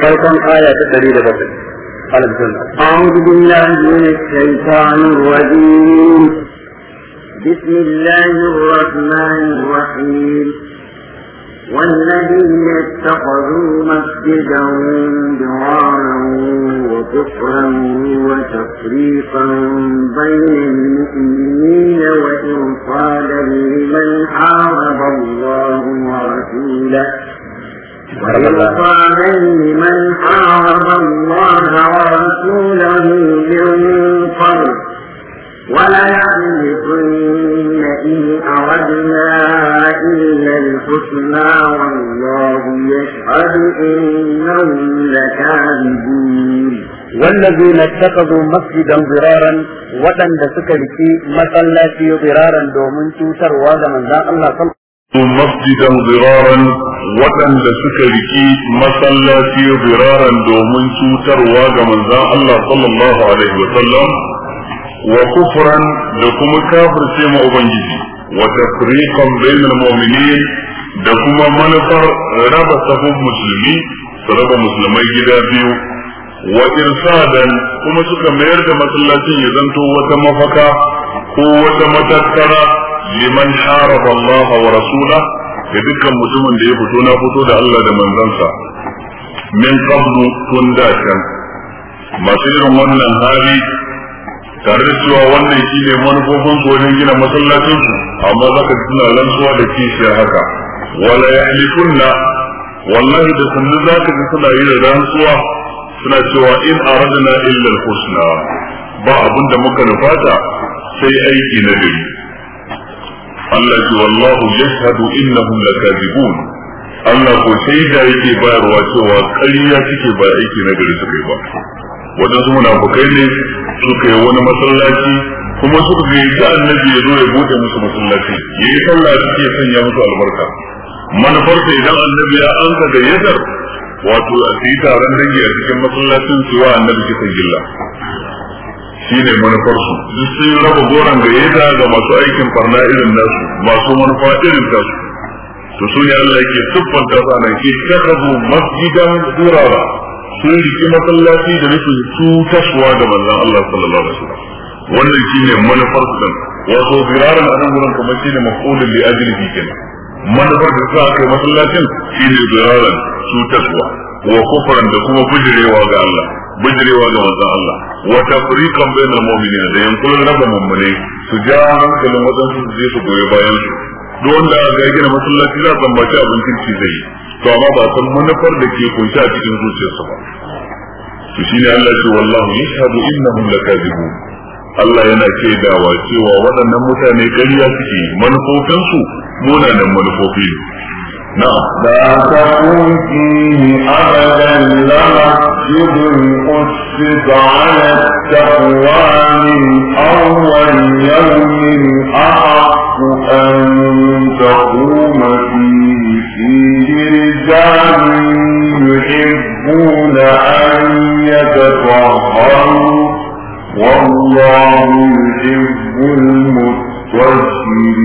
farkon آية ta ɗari أعوذ بالله من الشيطان الرجيم بسم الله الرحمن الرحيم والذين اتخذوا مسجدا ضرارا وكفرا وتفريقا بين المؤمنين وإرصادا لمن حارب الله ورسوله ويوفى عليه من حارب الله ورسوله من قبل وليحلفن إن أردنا إلا الحسنى والله يشهد إنهم لكاذبون والذين اتخذوا مسجدا ضرارا وطن دسك لكي مسلاتي ضرارا دومن توتر وهذا من ذا الله صلى masjidan ziraran waɗanda suka riki masallaci ziraran domin cutarwa ga manzan Allah sallallahu wa kufuran da kuma kafirce ma ubangiji wa tafriqan bainal mu'minin da kuma manufar raba sahun musulmi su raba musulmai gida biyu wa irsadan kuma suka mayar da masallacin ya zanto wata mafaka ko wata matattara liman haraba Allah wa rasula ga dukkan mutumin da ya fito na fito da Allah da manzansa min qablu tun da can masu irin wannan hali tare da cewa wannan shi ne manufofin wajen gina masallacinsu amma za ka tuna rantsuwa da kishiyar haka wala ya halikunna wallahi da sannu za ka ji suna yi da rantsuwa suna cewa in aradna illa al-husna ba abin da muka nufata sai aiki na gari Allah ce wallahu yashhadu innahum lakazibun Allah ko shaida yake bayarwa cewa karya suke ba aiki na gari suka yi ba wadansu munafukai ne suka yi wani masallaci kuma suka ga yadda annabi ya zo ya bude musu masallaci ya yi sallah suke sanya musu albarka manufarsa idan annabi ya ansa gayyatar wato su yi taron dangi a cikin masallacin su wa annabi kisan gilla shine manufar su duk sun raba goron yadda ga masu aikin farna irin nasu masu manufa irin tasu to su ne Allah yake siffanta su anan ke takabu masjidan durara sun riki masallaci da nufin cutaswa da manzon Allah sallallahu alaihi wasallam wannan shi ne manufar su dan wato diraran anan wurin kamar shine maf'ulun li ajlihi kenan manufar da suka kai masallacin shi shine diraran cutaswa wa kufran da kuma bujirewa ga Allah bijirewa ga manzon Allah wa tafriqan bainal mu'minin da yankulan raba mummune su ja hankalin wadansu su je su goyi bayan su duk wanda ga gina masallaci za a bace abincin ci zai to amma ba san manufar da ke kunshi a cikin zuciyarsa ba to shine Allah ce wallahu yashhadu innahum lakadibun Allah yana shaidawa cewa waɗannan mutane ƙarya suke manufofinsu munanan manufofi ne نعم. لا تكن فيه أبدا لمسجد أسس على التقوى من أول يوم أحق أن تقوم فيه فيه رجال يحبون أن يتطهروا والله يحب المتطهرين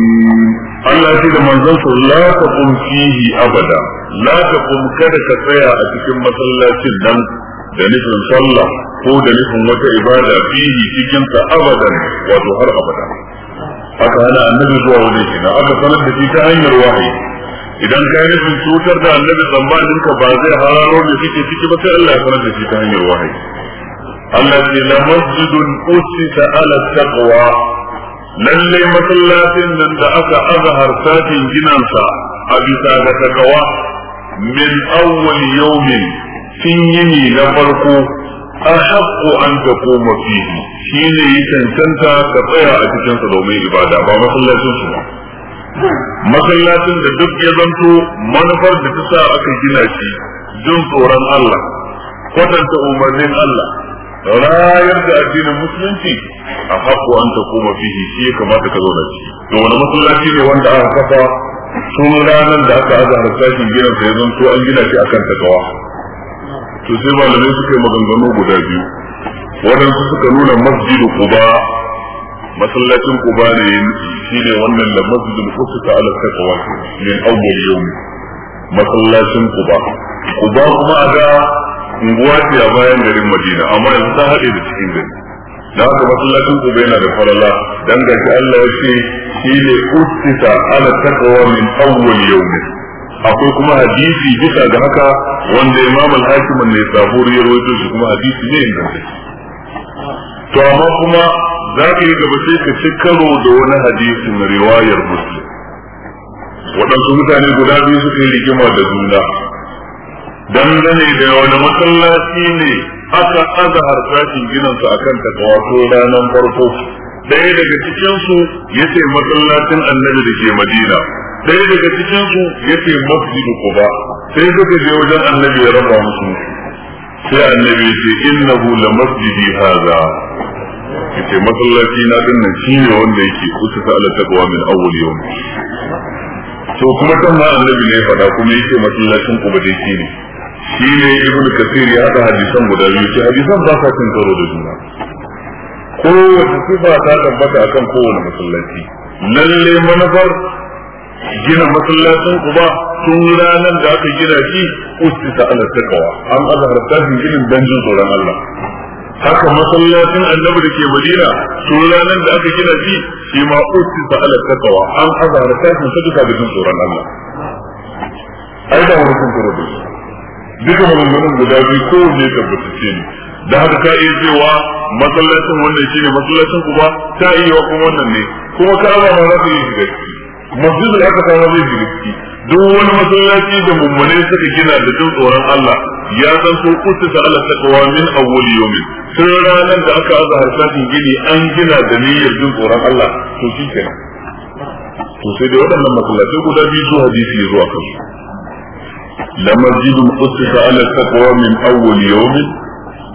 Allah ya ce da manzon sa la taqum fihi abada la taqum kada ka tsaya a cikin masallacin nan da nufin sallah ko da nufin wata ibada fihi cikin sa abadan wato har abada aka hana annabi zuwa wani shi na aka sanar da shi ta hanyar wahayi idan ka yi nufin cutar da annabi tsammanin ka ba zai hararo da suke ciki ba sai Allah ya sanar da shi ta hanyar wahayi Allah ce la masjidun usita ala taqwa lalle masallacin nan da aka azhar sakin ginansa a bisa ga takawa min awwal yawmin sun yini na farko ahaqqu an ta taquma fihi ne yi cancanta ka tsaya a cikin sa domin ibada ba masallacin su ba masallacin da duk ya zanto manufar da ta sa aka gina shi jin tsoron Allah kwatanta umarnin Allah rayar da addinin musulunci a haƙo an ta koma fihi shi ya kamata ka zauna ciki to wani masallaci ne wanda aka kafa tun ranar da aka aza harsashin gina sai zan to an gina shi akan takawa to sai malamai suka yi maganganu guda biyu waɗansu suka nuna masjidu kuba masallacin kuba ne shi ne wannan da masjidin kusa ta ala takawa min awwal masallacin kuba kuba kuma a da unguwa ce a bayan garin madina amma yanzu ta haɗe da cikin gari da haka masallacin kuba yana da falala dan ga Allah ya ce shi ne ustisa ala takawa min awwal yawmin akwai kuma hadisi bisa ga haka wanda imam al-hakim ne saburi ya rawaito shi kuma hadisi ne inda to amma kuma za ka yi gaba sai ka ci karo da wani hadisin riwayar muslim waɗansu mutane guda biyu suka yi rigima da juna dangane da wani masallaci ne aka aza harsashin ginansa a kan takawato ranar farko ɗaya daga cikinsu ya ce masallacin annabi da ke madina ɗaya daga cikinsu ya ce masjidu kuba sai suka je wajen annabi ya raba musu sai annabi ce innahu la masjidi haza yace masallaci na dinnan shi ne wanda yake kusa ta ala taqwa min awwal yawm to kuma kan ma annabi ne fada kuma yake masallacin kuba dai shi ne shi ne ibn kasir ya haɗa hadisan guda biyu ce hadisan ba sa cin karo da juna kowace sifa ta tabbata akan kowane masallaci lalle manufar gina masallacin ba, tun ranar da aka gina shi ta ala takawa an azhar shi ginin danjin tsoron Allah haka masallacin annabi da ke madina tun ranar da aka gina shi shi ma ta ala takawa an shi ta duka da jin tsoron Allah ai da wani sun kuro da shi duka maganganun guda biyu kowanne tabbatacce ne da haka ka iya cewa masallacin wannan shine masallacin ba ta iya wa kuma wannan ne kuma ka ma za ta yi shiga ciki masjid da aka samu zai shiga ciki duk wani masallaci da mummune suka gina da jin tsoron Allah ya san ko kusa ta Allah ta kawo min awwal yomi Sun ranar da aka aza harsashin gini an gina da niyyar jin tsoron Allah to shi kenan to sai dai waɗannan masallatai guda biyu su hadisi zuwa kansu لمسجد أسس على التقوى من أول يوم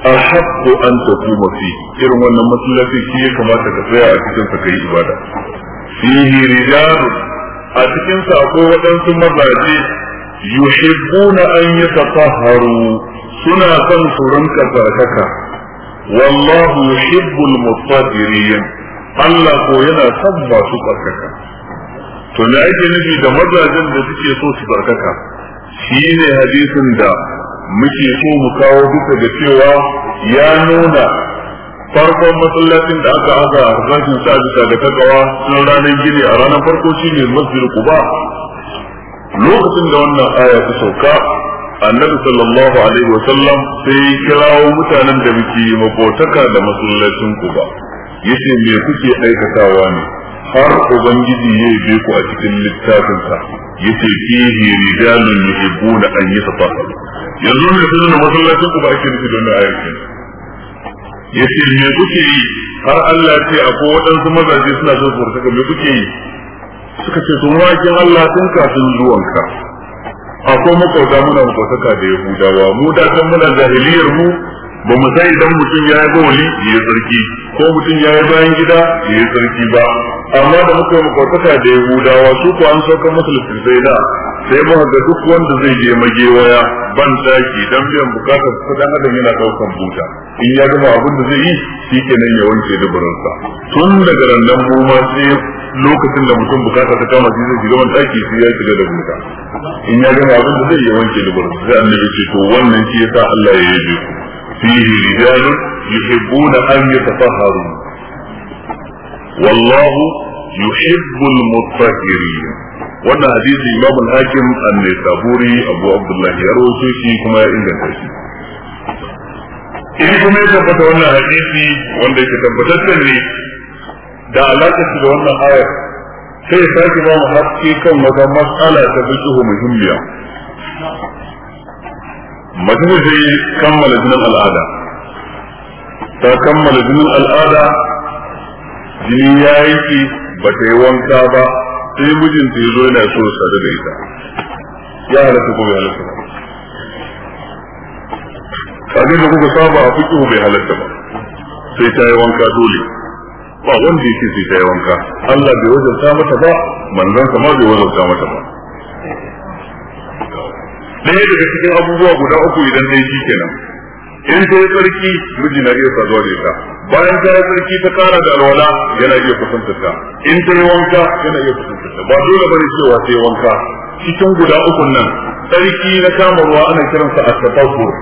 أحق أن تقوم فيه إذن وانا مسلسي كي كما تكفيها أكتن سكي إبادة فيه رجال أكتن سأقوى أنتم مزاجي يحبون أن يتطهروا سنة تنصرن كتركك والله يحب المطهرين Allah ko yana son masu tsarkaka to me ake nufi da mazajen da suke so su tsarkaka shi ne hadisin da muke so mu kawo duka da cewa ya nuna farkon masallacin da aka aka a sa bisa da kakawa sun ranar gini a ranar farko shi ne masjid kuba lokacin da wannan aya ta sauka annabi sallallahu alaihi wasallam sai kirawo mutanen da muke mabotaka da masallacin kuba yace me kuke aikatawa ne har ubangiji ya yi ku a cikin littafinsa ya yace fihi rijalun yuhibbuna an yatatahharu yanzu ne sunan masallacin ku ba ake nufi don ayyuka Ya ce me kuke yi har Allah ce akwai waɗansu mazaje suna son su saka me kuke yi suka ce sun wakin Allah sun kafin zuwanka akwai makwauta muna makwataka da Yahudawa mu da kan muna jahiliyar mu ba mu sai dan mutum ya yi gawali ya yi sarki ko mutum ya yi bayan gida ya yi sarki ba amma da muka yi makwartaka da yahudawa su ko an saukar masa littattafai da sai mu ga duk wanda zai je magewaya ban daki dan biyan bukatar dan adam yana daukan buta in ya gama abin da zai yi shi kenan ya wanke duburinsa tun daga randan mu ma sai lokacin da mutum bukatar ta kama shi zai shiga wani daki sai ya shiga da buta in ya gama abin da zai yi wanke duburinsa sai annabi ce to wannan shi yasa Allah ya yi ku fihi rijalun yuhibbuna an yatatahharu wallahu yuhibbul mutahhirin wannan hadisi Imam al-Hakim an-Nisaburi Abu Abdullah ya shi kuma ya inganta shi in kuma ya tabbata wannan hadisi wanda yake tabbatar ne da alaƙa shi wannan ayar sai ya sake ba mu haske kan wata mas'ala ta muhimmiya mace ce ta kammala jinin al'ada ta kammala jinin al'ada jini ya yi ba ta yi wanka ba sai mijinta ya zo yana so sadu da ita ya halatta ko bai halatta ba kaje da kuka saba a fiƙi bai halatta ba sai ta yi wanka dole ba wanda yake sai ta yi wanka Allah bai wajen ta mata ba manzon sa ma bai wajen ta mata ba ɗaya daga cikin abubuwa guda uku idan dai shi kenan in ta yi tsarki miji na iya saduwa da ita bayan ta yi tsarki ta kara da alwala yana iya kusantar ta in ta yi wanka yana iya kusantar ta ba dole bane cewa ta yi wanka cikin guda uku nan tsarki na kama ruwa ana kiransa a tafafur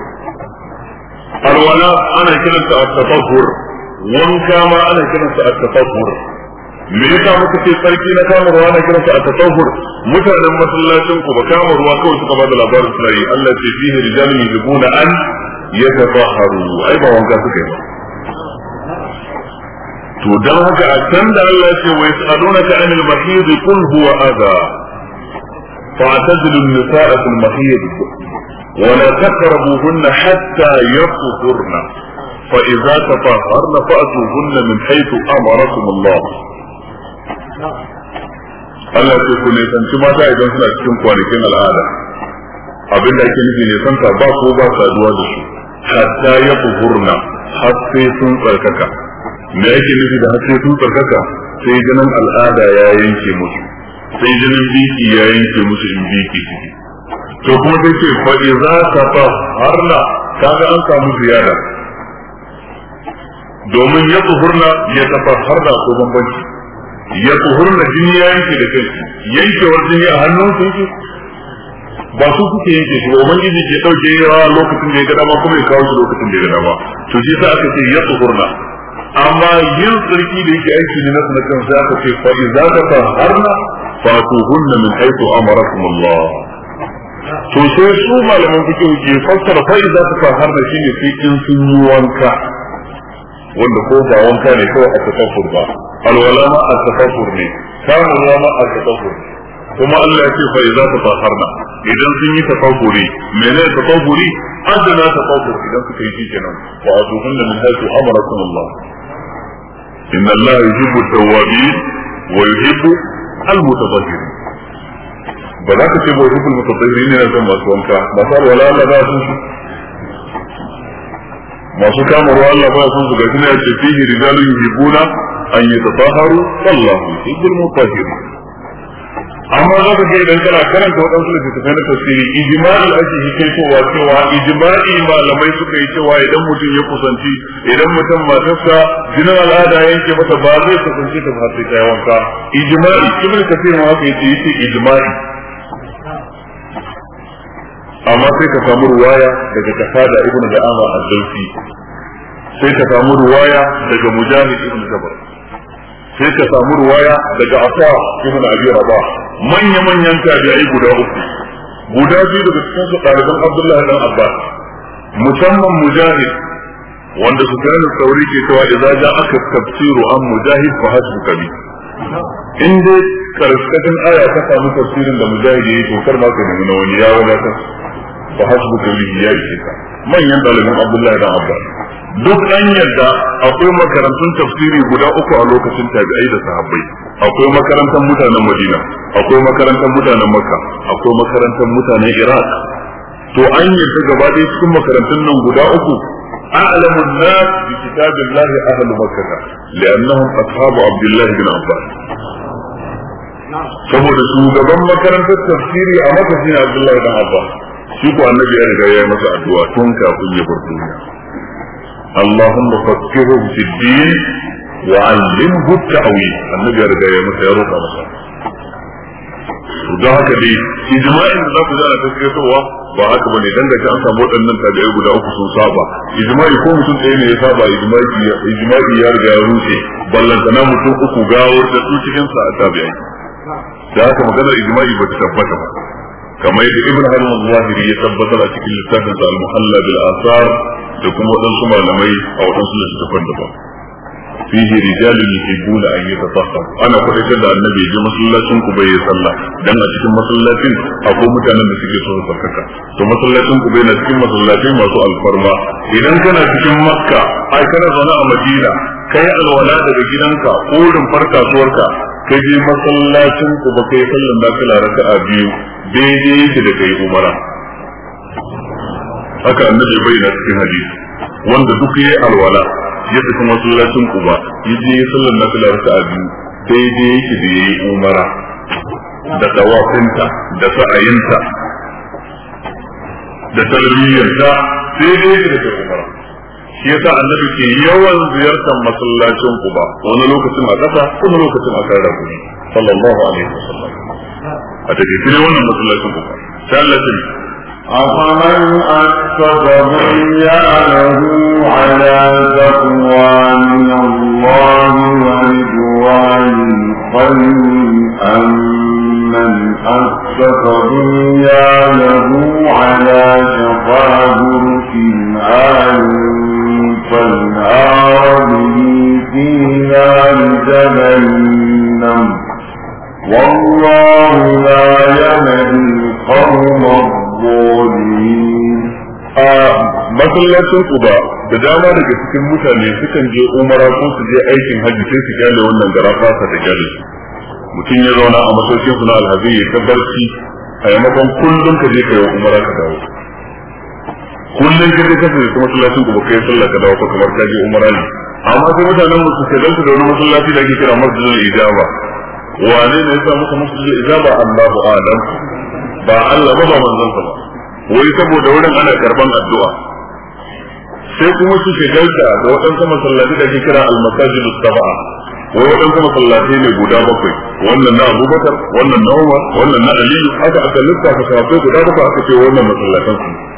alwala ana kiransa a tafafur wanka ma ana kiransa a tafafur me yasa muka ce sarki na kama ruwa na kiransa a tasawur mutanen masallacin ku ba kama ruwa kawai suka bada da labarin suna yi Allah ce fihi rijalun yuzibuna an yatafahharu ai ba wanka suka yi ba to dan haka a can da Allah ce wa yasalunaka anil mahid qul huwa adha fa'tazilu an-nisaa fil mahid wa la taqrabuhunna hatta yatahurna idza tatahharna fa'tuhunna min haythu amarakum Allah Allah ce ku ne tantu mata idan suna cikin kwanakin al'ada abin da ake nufi ne san ta ba ko ba saduwa da su hatta ya kuhurna har sai sun tsarkaka me yake nufi da har sai sun tsarkaka sai jinin al'ada ya yanke musu sai jinin biki ya yanke musu in biki ciki to kuma sai ce fa idza tafa harna kaga an samu ziyara domin ya kuhurna ya tafa harna ko bambanci ya tsohon na jini ya yanke da kai yankewar jini a hannun su yake ba su kuke yanke shi ba ubangiji ke yi rawa lokacin da ya gada ba kuma ya kawo shi lokacin da ya gada ba to shi sa aka ce ya tsohon na amma yin tsarki da yake aiki ne na sanatan sai aka ce fa idza ka taharna fa tuhunna min haythu amarakum Allah to sai su malaman kuke ke fassara fa idza ka taharna shine sai in sun yi wanka wanda ko ba wanka ne kawai a tasawur ba alwala ma a tafafur ne kamun ruwa ma a tafafur kuma Allah ya ce fa idza tafaharna idan sun yi tafafuri mene tafafuri adana tafafur idan suka yi kenan wa azuhunna min haythu amarakum Allah inna Allah yuhibbu at-tawwabin wa yuhibbu al-mutatahhirin ba za ka ce ba yuhibbul mutatahhirin yana son masu wanka ba sa wala Allah ba su masu kamarwa ruwa Allah ba su shi ne ya ce fihi rijalun yuhibbuna an yi tafaharu wallahu yuhibbul mutahhirin amma za ka ga idan kana karanta waɗansu littattafai na tafsiri ijma'i ake kowa cewa ijma'i malamai suka yi cewa idan mutum ya kusanci idan mutum matarsa jinin al'ada yanke mata ba zai kusanci ta har sai kai wanka ijma'i ibn kafir ma haka yi yace ijma'i amma sai ka samu ruwaya daga kasa da ibn da'ama al-dawsi sai ka samu ruwaya daga mujahid ibn jabr sai ka samu ruwaya daga asa ibn abi rabah manya manyan tabi'ai guda uku guda biyu daga cikin su ɗaliban abdullahi dan abbas musamman mujahid wanda su kana sauri ke cewa idza ja aka tafsiru an mujahid fa hasbuka bi in dai karkashin aya ta samu tafsirin da mujahid yayi to kar ma ka nemi na wani ya wadatar fa hasbuka bi ya yi ka manyan dalibin abdullahi da abbas duk an yadda akwai makarantun tafsiri guda uku a lokacin tabi'ai da sahabbai akwai makarantar mutanen madina akwai makarantar mutanen makka akwai makarantar mutanen iraq to an yadda gaba ɗaya cikin makarantun nan guda uku al'amu الناس بكتاب الله أهل مكة لأنهم أصحاب عبد الله بن عباس saboda shugaban makarantar tafsiri a makasin Abdullahi dan Abbas shi ko annabi ya riga ya masa addu'a tun kafin ya bar duniya Allahumma fakkihu fi din wa 'allimhu at-ta'wil annabi ya riga ya masa ya roƙa masa to don haka dai ijma'in da za ku zana tafiyarwa ba haka bane dan gaci an samu waɗannan tabi'ai guda uku sun saba ijma'i ko mutum ɗaya ne ya saba ijma'i ijma'i ya riga ya rushe ballantana mutum uku gawar da su cikin sa a tabi'ai da haka maganar ijma'i ba ta tabbata ba kamar yadda ibn hazm al-zahiri ya tabbatar a cikin littafin sa al asar da kuma wadansu malamai a wadansu littafan daban fihi rijalun yuhibbuna an yatatahharu ana kwadaitar da annabi ji masallacin ku bai sallah dan a cikin masallacin akwai mutanen da suke so su to masallacin ku na cikin masallacin masu alfarma idan kana cikin makka ai kana zaune a madina kai alwala daga gidanka ko rumfar kasuwarka ka je masallacin ku ba kai sallan nafila raka'a biyu daidai da da kai umara haka annabi da cikin hadisi wanda duk yayi alwala ya tafi masallacin ku ba ya je sallan nafila raka'a biyu daidai yake da yayi umara da tawafinta da sa'ayinta da tarbiyyarta daidai yake da kai umara shi yasa annabi ke yawan ziyartar masallacin Quba wani lokacin a kasa wani lokacin a kan rabu sallallahu alaihi wasallam a take shi ne wannan masallacin Quba sai afaman ya أفمن أسس بنيانه على تقوى من الله ورضوان خير أم من أسس بنيانه على شفا جهنم والله لا يهدي القوم الظالمين masallacin uba da dama daga cikin mutane sukan je umara ko su je aikin hajji sai su kyale wannan gara fasa da kyale mutum ya zauna a masaukin suna alhazi ya ta barci a yamakon kullum ka je ka yi umara ka dawo kullum ka je ka je masallacin uba ka yi sallah ka dawo ko kamar ka je umara ne amma sai mutanen musu ke zanta da wani masallaci da ake kira masjidul ijaba wane ne ya sa musu masjidul ijaba Allahu alam ba Allah ba ba manzon ba wai saboda wurin ana karban addu'a sai kuma su shigarta da waɗansu masallaci da ake kira al-masajid sab'a wai waɗansu masallaci ne guda bakwai wannan na Abubakar wannan na Umar wannan na Ali haka aka lissafa sahabbai guda bakwai aka ce wannan masallacin su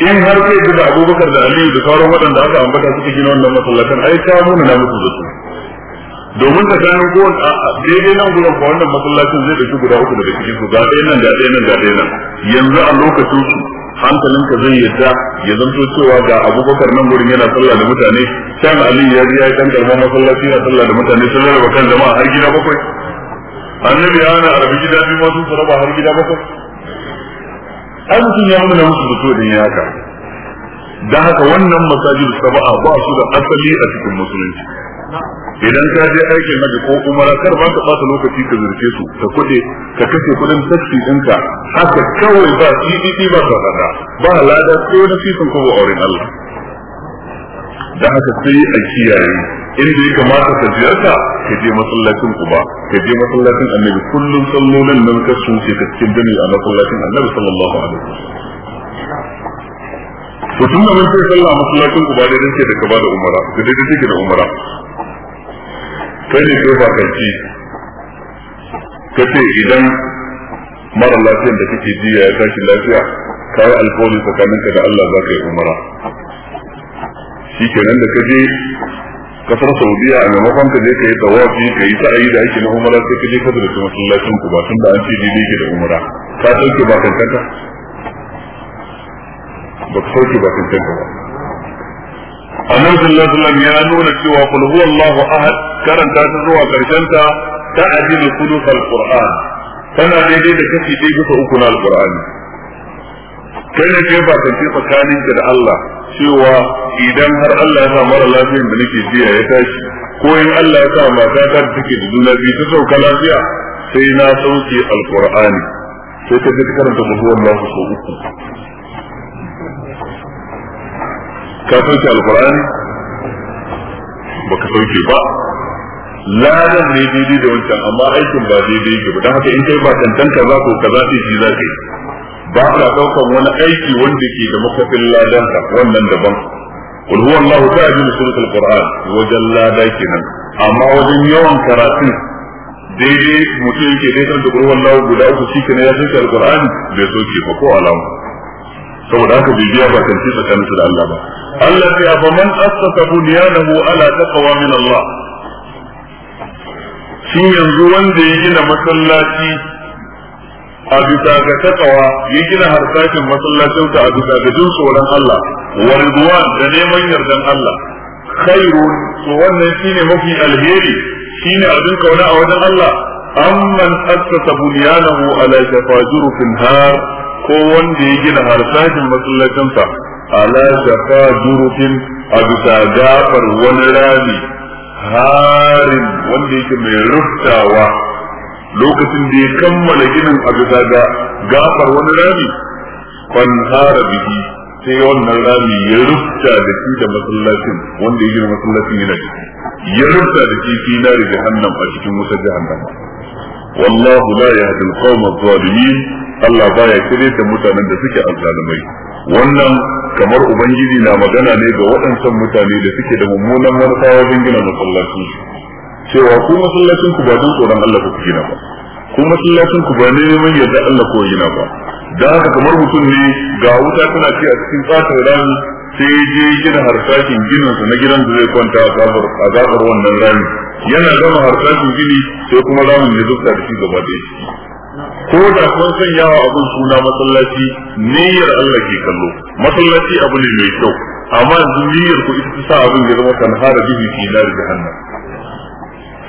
in har ke bi da abubakar da aliyu da sauran waɗanda aka ambata suka gina wannan masallatan ai ta muna na musu da su domin da ganin gowon a daidai nan gurin ko wannan masallacin zai shi guda uku daga cikin su ga ɗaya nan ga ɗaya nan ga ɗaya nan yanzu a lokacin su hankalinka zai yadda ya zanto cewa ga abubakar nan gurin yana sallah da mutane can aliyu ya ji ya yi ɗan masallaci yana sallah da mutane sun rarraba kan jama'a har gida bakwai annabi ya hana arabi gida biyu masu sun raba har gida bakwai ai mutum ya mana musu da yaka. da ya haka dan haka wannan masajid sab'a ba su da asali a cikin musulunci idan ka je aikin haji ko umara kar ba ka bata lokaci ka zurce su ka kuɗe ka kashe kuɗin taxi ɗinka haka kawai ba CDD ba ka ba lada ko na fitin kuma auren Allah da haka sai a kiyaye inda ya kamata ka ziyarta ka je masallacin ku ba, ka je masallacin annabi kullum sallolin nan ka su ce ka cikin dani a masallacin annabi sallallahu alaihi wasallam to tun da mun sai sallah masallacin ku ba dai dake da kaba da umara da dai dake da umara kai ne kai ba kai ka ce idan mara lafiyan da kake jiya ya tashi lafiya ka yi alkawari tsakaninka da Allah za ka yi umara shi kenan da ka je kasar saudiya a maimakon ka je ka yi tawafi ka yi sa'ayi da ake na umara sai ka je ka zurfi masallacin ku ba tun da an ce ne ke da umara ka sauke ba kankanta ba ka sauke ba kankanta ba annabi sallallahu alaihi ya nuna cewa kul huwallahu ahad karanta ta zuwa karshen ta ta ajilu kulus alquran tana daidai da kashi ɗaya bisa uku na alqur'ani kai ne ke ba kanti tsakaninka da Allah cewa idan har Allah ya sa mara lafiyar da nake jiya ya tashi ko in Allah ya sa mata ta take da juna biyu ta sauka lafiya sai na sauke alqur'ani sai ka ji karanta mutuwan Allah so uku ka sauke alqur'ani baka sauke ba ladan ne daidai da wancan amma aikin ba daidai yake ba don haka in kai ba tantanta za ko kaza ce shi za ka yi ba ka ɗaukan wani aiki wanda ke da makafin ladanka wannan daban kul huwa allah ta ajin suratul qur'an wajen lada kenan amma wajen yawan karatun daidai mutum yake daidai da kul huwa allah guda uku shi kenan ya soke alqur'ani bai soke ba ko alama saboda haka bibiya ba kan ci da Allah ba Allah ya fa min Allah yanzu wanda ya gina masallaci a bisa ga taqwa ya gina harsashin masallacin a bisa ga jin tsoron Allah wa ridwan da neman yardan Allah khairun to wannan shine mafi alheri shine abin kauna a wajen Allah amman assasa bunyanahu ala shafa jurufin har ko wanda ya gina harsashin masallacinsa ala shafa jurufin a gafar wani rami harin wanda yake mai ruftawa lokacin da ya kammala ginin a bisa ga gafar wani rami fan hara bihi sai wannan rami ya rufta da shi da masallacin wanda ya gina masallacin yana ciki ya rufta da shi fi nari jahannam a cikin wutar jahannam wallahu la yahdi al-qawma adh-dhalimin Allah baya kire da mutanen da suke azzalimai wannan kamar ubangiji na magana ne ga waɗansan mutane da suke da mummunan manufa wajen gina masallacin. cewa ku masallacin ku ba don tsoron Allah ku gina ba ku masallacin ku ba neman yadda Allah ko gina ba da haka kamar mutum ne ga wuta tana ci a cikin tsakar rami sai je gina harsashin ginin na gidan da zai kwanta a gabar wannan rami yana gama harsashin gini sai kuma ramin ya zuka da shi gaba ɗaya ko da kun san wa abin suna masallaci niyyar Allah ke kallo masallaci abu ne mai kyau amma niyyar ku ita ta sa abin ya zama kan hara bihi fi nar jahannam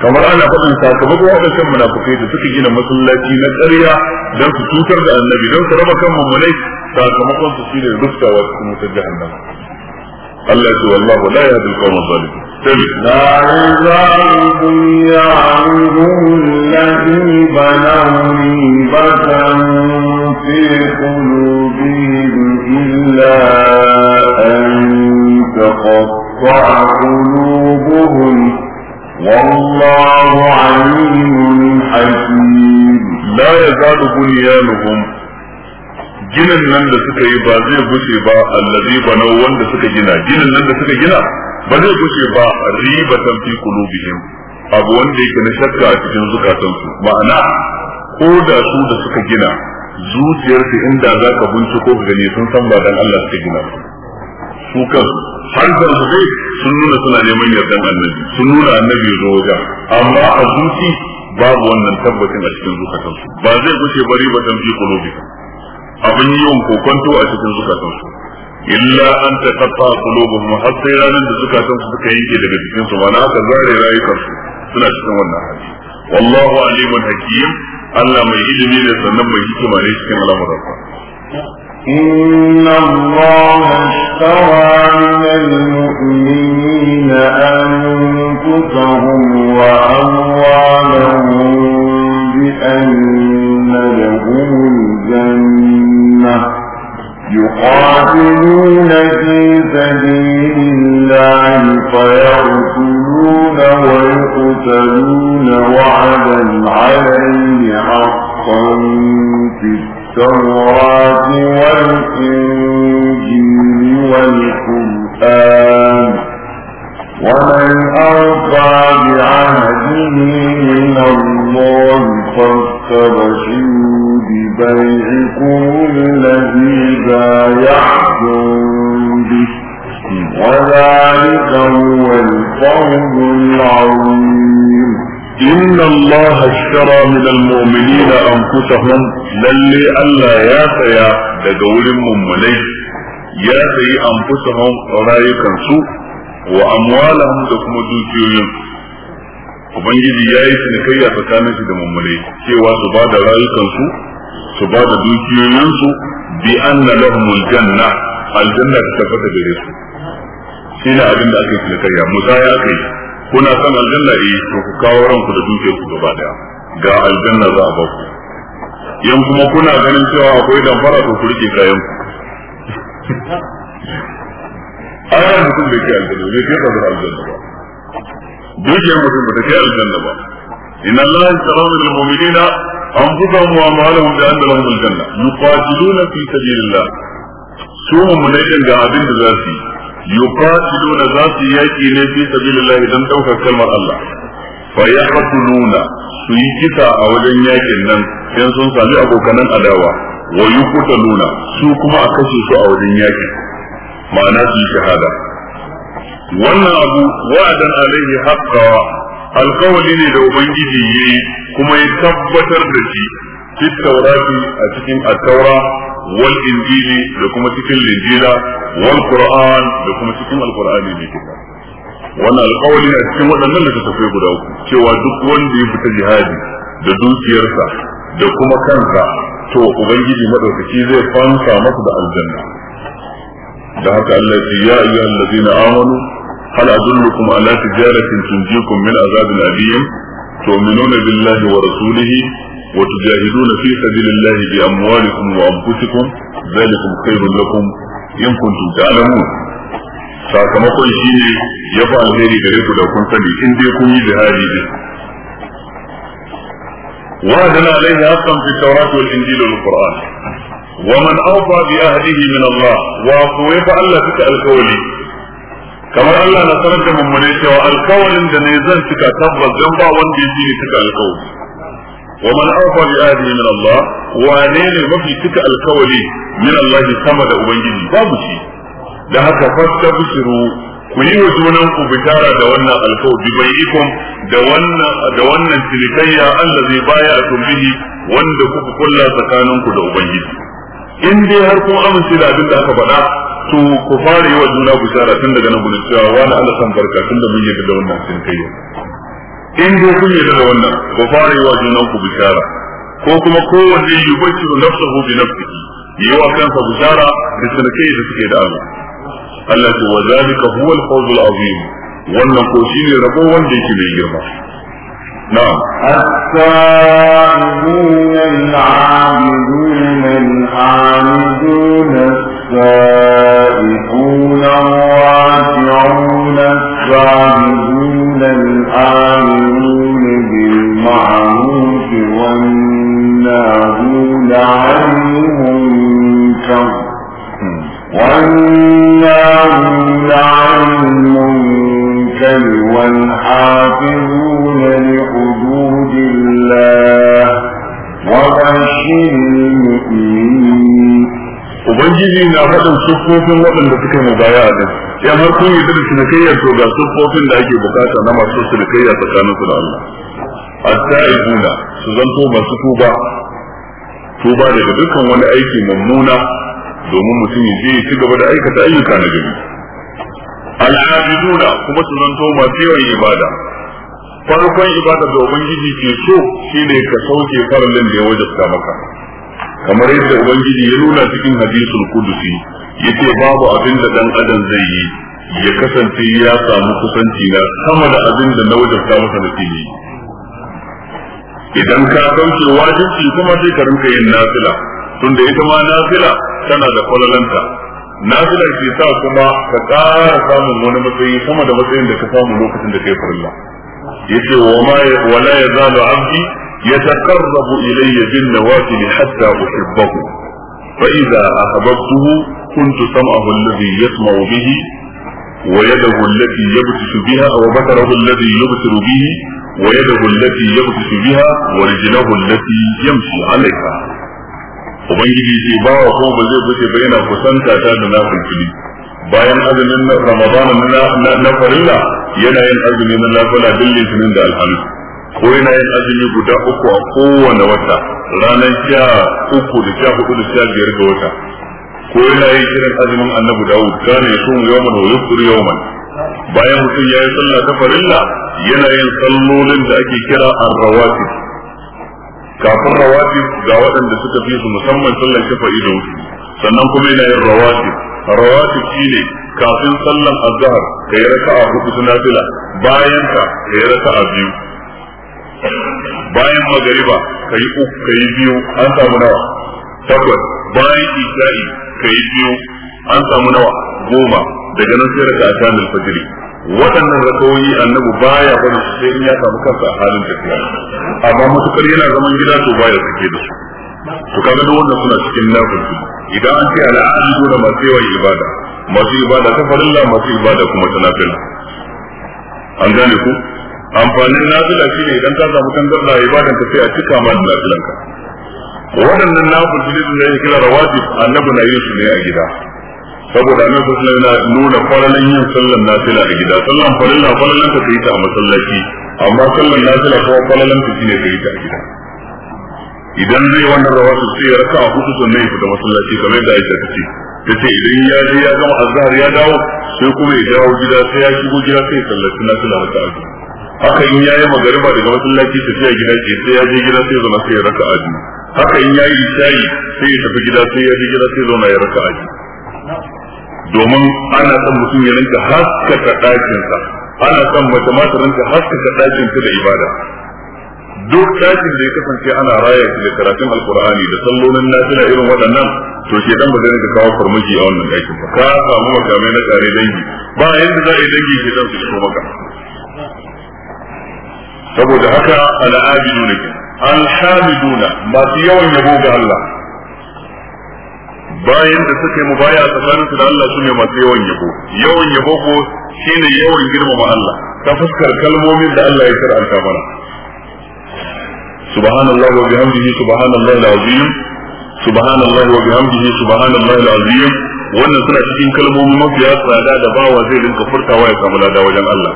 kamar ana faɗin sakamakon waɗancan munafukai da suka gina masallaci na ƙarya don su cutar da annabi don su raba kan mummunai sakamakon su shine rufsawa cikin wutar jahannama Allah ya wallahu la ya al-qawm adh la لا يزال بنيانهم الذي بنوا ريبة في قلوبهم إلا أن تقطع قلوبهم والله عليم حكيم لا يزال بنيانهم ginin nan da suka yi ba zai gushe ba allazi banau wanda suka gina ginin nan da suka gina ba zai gushe ba ribatan fi qulubihim abu wanda yake na shakka a cikin zukatansu ma'ana ko da su da suka gina zuciyarsu inda za ka binciko ka gani sun san ba dan Allah suka gina su kukan kan har su sun nuna suna neman yardan annabi sun nuna annabi zo wajen amma a zuci babu wannan tabbacin a cikin zukatansu ba zai kushe bari ba tamfi kulubika abin yawan kokonto a cikin zukatansu illa an ta kafa kulubun mu har sai ranar da zukatansu suka yanke daga jikinsu ba na haka zare rayukansu suna cikin wannan hali wallahu alimun hakim Allah mai ilimi ne sannan mai hikima ne cikin al'amuransa إن الله اشترى من المؤمنين أنفسهم وأموالهم بأن لهم الجنة يقاتلون في سبيل الله فيقتلون ويقتلون وعدا عليه حقا في التوراة والإنجيل والقرآن ومن أوفى بعهده من الله فاستبشروا ببيعكم الذي بايعتم به وذلك هو الفوز العظيم إن الله اشترى من المؤمنين أنفسهم للي ألا يا سيا دقول ممني يا سي أنفسهم رايكا سوء وأموالهم لكم دوتيوين Ubangiji ya yi cinikayya tsakanin shi da mummune cewa su ba da rayukansu su ba da dukiyoyinsu bi anna lahumul janna aljanna ta tabbata gare su shine abin da ake cinikayya Musa ya kai. kuna son aljanna eh to ku kawo ranku da dukiyar ku gaba daya ga aljanna za a ba ku yan kuma kuna ganin cewa akwai damfara to ku rike kayan ku ayyar mutum bai kai aljanna bai kai bazar aljanna ba dukiyar mutum ba ta kai aljanna ba إن الله اشترى من المؤمنين أنفسهم وأموالهم بأن لهم الجنة يقاتلون في سبيل الله su mu ne din ga abin da za su yi yuqatiluna za su yaki ne fi sabilillahi dan ɗaukar kalmar Allah fa yaqtuluna su yi kisa a wajen yakin nan in sun sami abokanan adawa wa yuqtaluna su kuma a kashe su a wajen yakin ma'ana su shahada wannan abu wa'adan alaihi haqqa alkawali ne da ubangiji yayi kuma ya tabbatar da shi fi taurati a cikin at wal injili da kuma cikin linjila wal qur'an da kuma cikin alqur'ani ne kika wannan alƙawari a cikin waɗannan da tafi guda uku cewa duk wanda ya fita jihadi da dukiyarsa da kuma kansa to ubangiji madaukaki zai fanka masa da aljanna da haka Allah ya ya ayyuhal ladina amanu hal adullukum ala tijaratin tunjikum min azabin alim tu'minuna billahi wa rasulihi وتجاهدون في سبيل الله بأموالكم وأنفسكم ذلكم خير لكم إن كنتم تعلمون sakamakon shi ne ya fi alheri gare ku da kun sani in dai kun yi jihadi ne وعدنا عليه حقا في التوراة والإنجيل والقرآن ومن أوفى بعهده من الله وأقوي فألا فيك الكولي kamar Allah na sanar da mummune cewa alkawalin da ne zan cika tabbas don ba wanda ya ne cika alkawali wa man awfa bi ahdi min wane ne mafi cika alkawali min Allah sama da ubangiji babu shi da haka fastabshiru ku yi wa junan ku bishara da wannan alkawari bai ikon da wannan da wannan tilikayya Allah zai baya a bihi wanda kuka kulla tsakaninku da ubangiji in dai har kun amince da abin da aka faɗa to ku fara yi wa juna bishara tun daga nan gudun cewa wani Allah san barka tun da mun yi da wannan tilikayya in dai kun yarda da wannan ku fara yi wa junan ku bishara ko kuma kowanne yi bashiru nafsahu bi nafsi yi wa kansa bishara da shirkai da suke da Allah Allah ce wazalika huwa al-fawz al-azim wannan ko shine rabo wanda yake mai girma نعم السائلون al الحامدون السائحون الراكعون الساجدون الآمنون بالمعروف والناهون عن المنكر والحافظون لحدود الله وبشر ubangiji na faɗin siffofin waɗanda suka yi mubaya a din ya har kun yi da cinikayyar to ga siffofin da ake bukata na masu cinikayya tsakanin su da Allah at-ta'ibuna su zanto masu tuba tuba daga dukkan wani aiki mummuna domin mutum ya je ya ci gaba da aikata ayyuka na gari al nuna kuma su zanto masu yawan ibada farkon ibada da ubangiji ke so shine ka sauke farallin da ya wajabta maka kamar yadda ubangiji ya nuna cikin hadisul kudusi yace babu abin da dan adam zai yi ya kasance ya samu kusanci na sama da abin da na wajabta masa da yi idan ka kauce wajibi kuma sai ka rinka yin nafila tunda ita ma nafila tana da kwalalanta nafila ke sa kuma ka ƙara samun wani matsayi sama da matsayin da ka samu lokacin da kai farilla yace wa ma wala yazalu abdi يتقرب إلي بالنوافل حتى أحبه فإذا أحببته كنت سمعه الذي يسمع به ويده التي يبتس بها وبصره الذي يبصر به ويده التي يبتس بها ورجله التي يمشي عليها ubangiji ce ba wa ko ba zai bace ba yana kusanta ta da nafilfili bayan azumin na ramadan na farilla yana yin azumi na nafila dillin sunan da alhamdu ko yana yin azumi guda uku a kowane wata ranar sha uku da sha hudu da sha biyar ga wata ko yana yin irin azumin annabi wuta kana ya sumu yawman wa yuftiru yawman bayan mutum ya yi sallah ta farilla yana yin sallolin da ake kira arrawati kafin rawati ga waɗanda suka fi su musamman sallar shafa'i da sannan kuma yana yin rawati rawati shine kafin sallan azhar kai raka'a hudu fila bayan ka kai raka'a biyu bayan magariba kai uku kai biyu an samu nawa takwas bayan isha'i kai biyu an samu nawa goma daga nan sai raka ta mil fajiri waɗannan rakawoyi annabi baya bane su sai in ya samu kansa a halin tafiya amma matukar yana zaman gida to baya suke da su to kaga duk wannan suna cikin nafilci idan an ce al'adu da masu yawan ibada masu ibada ta farilla masu ibada kuma ta nafila an gane ku amfanin nafila shi ne idan ka samu tangarda ibadan ka sai a cika ma da nafilanka waɗannan nafilin da yake kira rawati annabi na yin su ne a gida saboda annabi sun alaihi nuna faralin yin sallan nafila a gida sallan farilla faralin ka yi ta a masallaci amma sallan nafila ko faralin ka ne kai ta a gida idan zai wannan rawati sai ya raka hudu sannan ya fita masallaci kamar yadda Aisha ta ce ta ce idan ya je ya gama azhar ya dawo sai kuma ya dawo gida sai ya shigo gida sai ya sallaci nafila ta a gida haka in yayi magariba daga masallaci tafiya gida ke sai ya je gida sai zauna sai ya raka aji haka in yayi isha'i sai ya tafi gida sai ya je gida sai zauna ya raka aji domin ana son mutum ya rinka haskaka ɗakinsa ana son mace ma ta rinka haskaka ɗakinta da ibada duk ɗakin da ya kasance ana raya shi da karatun alkur'ani da sallolin nafila irin waɗannan to ke dan ba zai rinka kawo farmaki a wannan ɗakin ba ka samu makamai na tare dangi ba yanda za a yi dangi ke dan su maka saboda haka al'abiduna ke na masu yawan yabo ga Allah bayan da suka yi baya a tsakaninsu da Allah sune masu yawan yabo yawan yabo ko shine yawan girmama Allah ta fuskar kalmomin da Allah ya kira mana subhanallahi wa bihamdihi subhanallahi alazim subhanallahi wa bihamdihi subhanallahi alazim wannan suna cikin kalmomin mafiya tsada da bawa zai rinka furtawa ya samu lada wajen Allah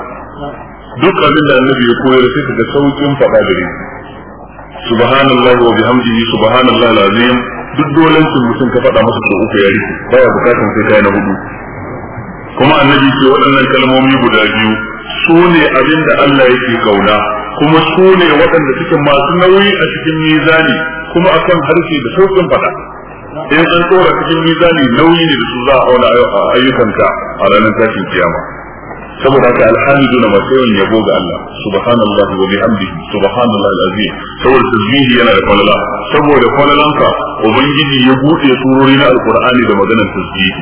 duk abin da annabi ya koyar sai kaga saukin faɗa gare shi subhanallahi wa bihamdihi subhanallahi alazim duk dolan su mutum ka faɗa masa sau uku ya rike baya bukatun sai kai na hudu kuma annabi ce waɗannan kalmomi guda biyu su ne abin da Allah yake kauna kuma su ne waɗanda suke masu nauyi a cikin mizani kuma a akan harshe da saukin faɗa in an tsora cikin mizani nauyi ne da su za a auna ayyukanka a ranar tashin kiyama saboda haka alhamidu na masu yawan yabo ga Allah subhanallahi wa bihamdihi subhanallahi alazim saboda tasbihi yana da falala saboda falalanka ubangiji ya bude surori na alqur'ani da maganar tasbihi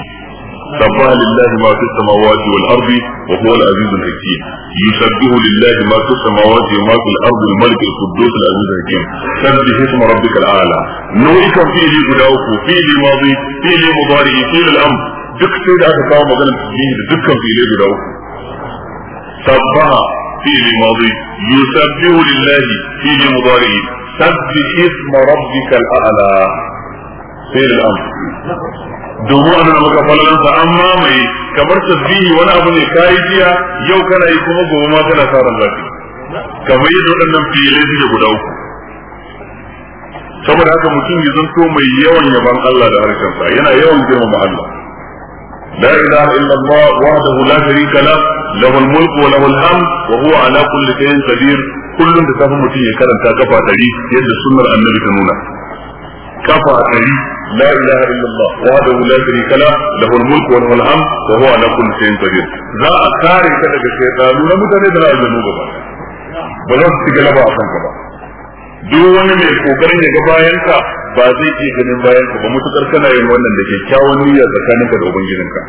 سبح لله ما في السماوات والأرض وهو العزيز الحكيم يسبح لله ما في السماوات وما في الأرض الملك القدوس العزيز الحكيم سبح اسم ربك الأعلى نوعك فيه بداوك فيه ماضي فيه مضارع فيه الأمر duk sai da aka kawo maganar tasbihi da dukkan filai guda uku سبح فعل ماضي يسبح لله فعل مضارع سبح اسم ربك الأعلى فعل الأمر domin ana maka falalansa an mamaye kamar tasbihi wani abu ne kayi jiya yau kana yi kuma gobe ma kana sa ran zafi kamar yadda waɗannan filai suke guda uku saboda haka mutum ya zanto mai yawan yaban Allah da harshensa yana yawan girmama Allah لا إله إلا الله وحده لا شريك له له الملك وله الحمد وهو على كل شيء قدير كل da safin mutum ya karanta kafa dari yadda sunnar annabi ta nuna kafa dari la ilaha illallah wahdahu la sharika la lahu al-mulku wa lahu al-hamd wa huwa ala kulli shay'in qadir za a kare ka daga shaytanu na mutane da aljanu gaba ba a wani mai kokarin ya ga bayan ba zai iya ganin bayan ka ba matukar kana yin wannan da kyakkyawan tsakanin tsakaninka da ubangijinka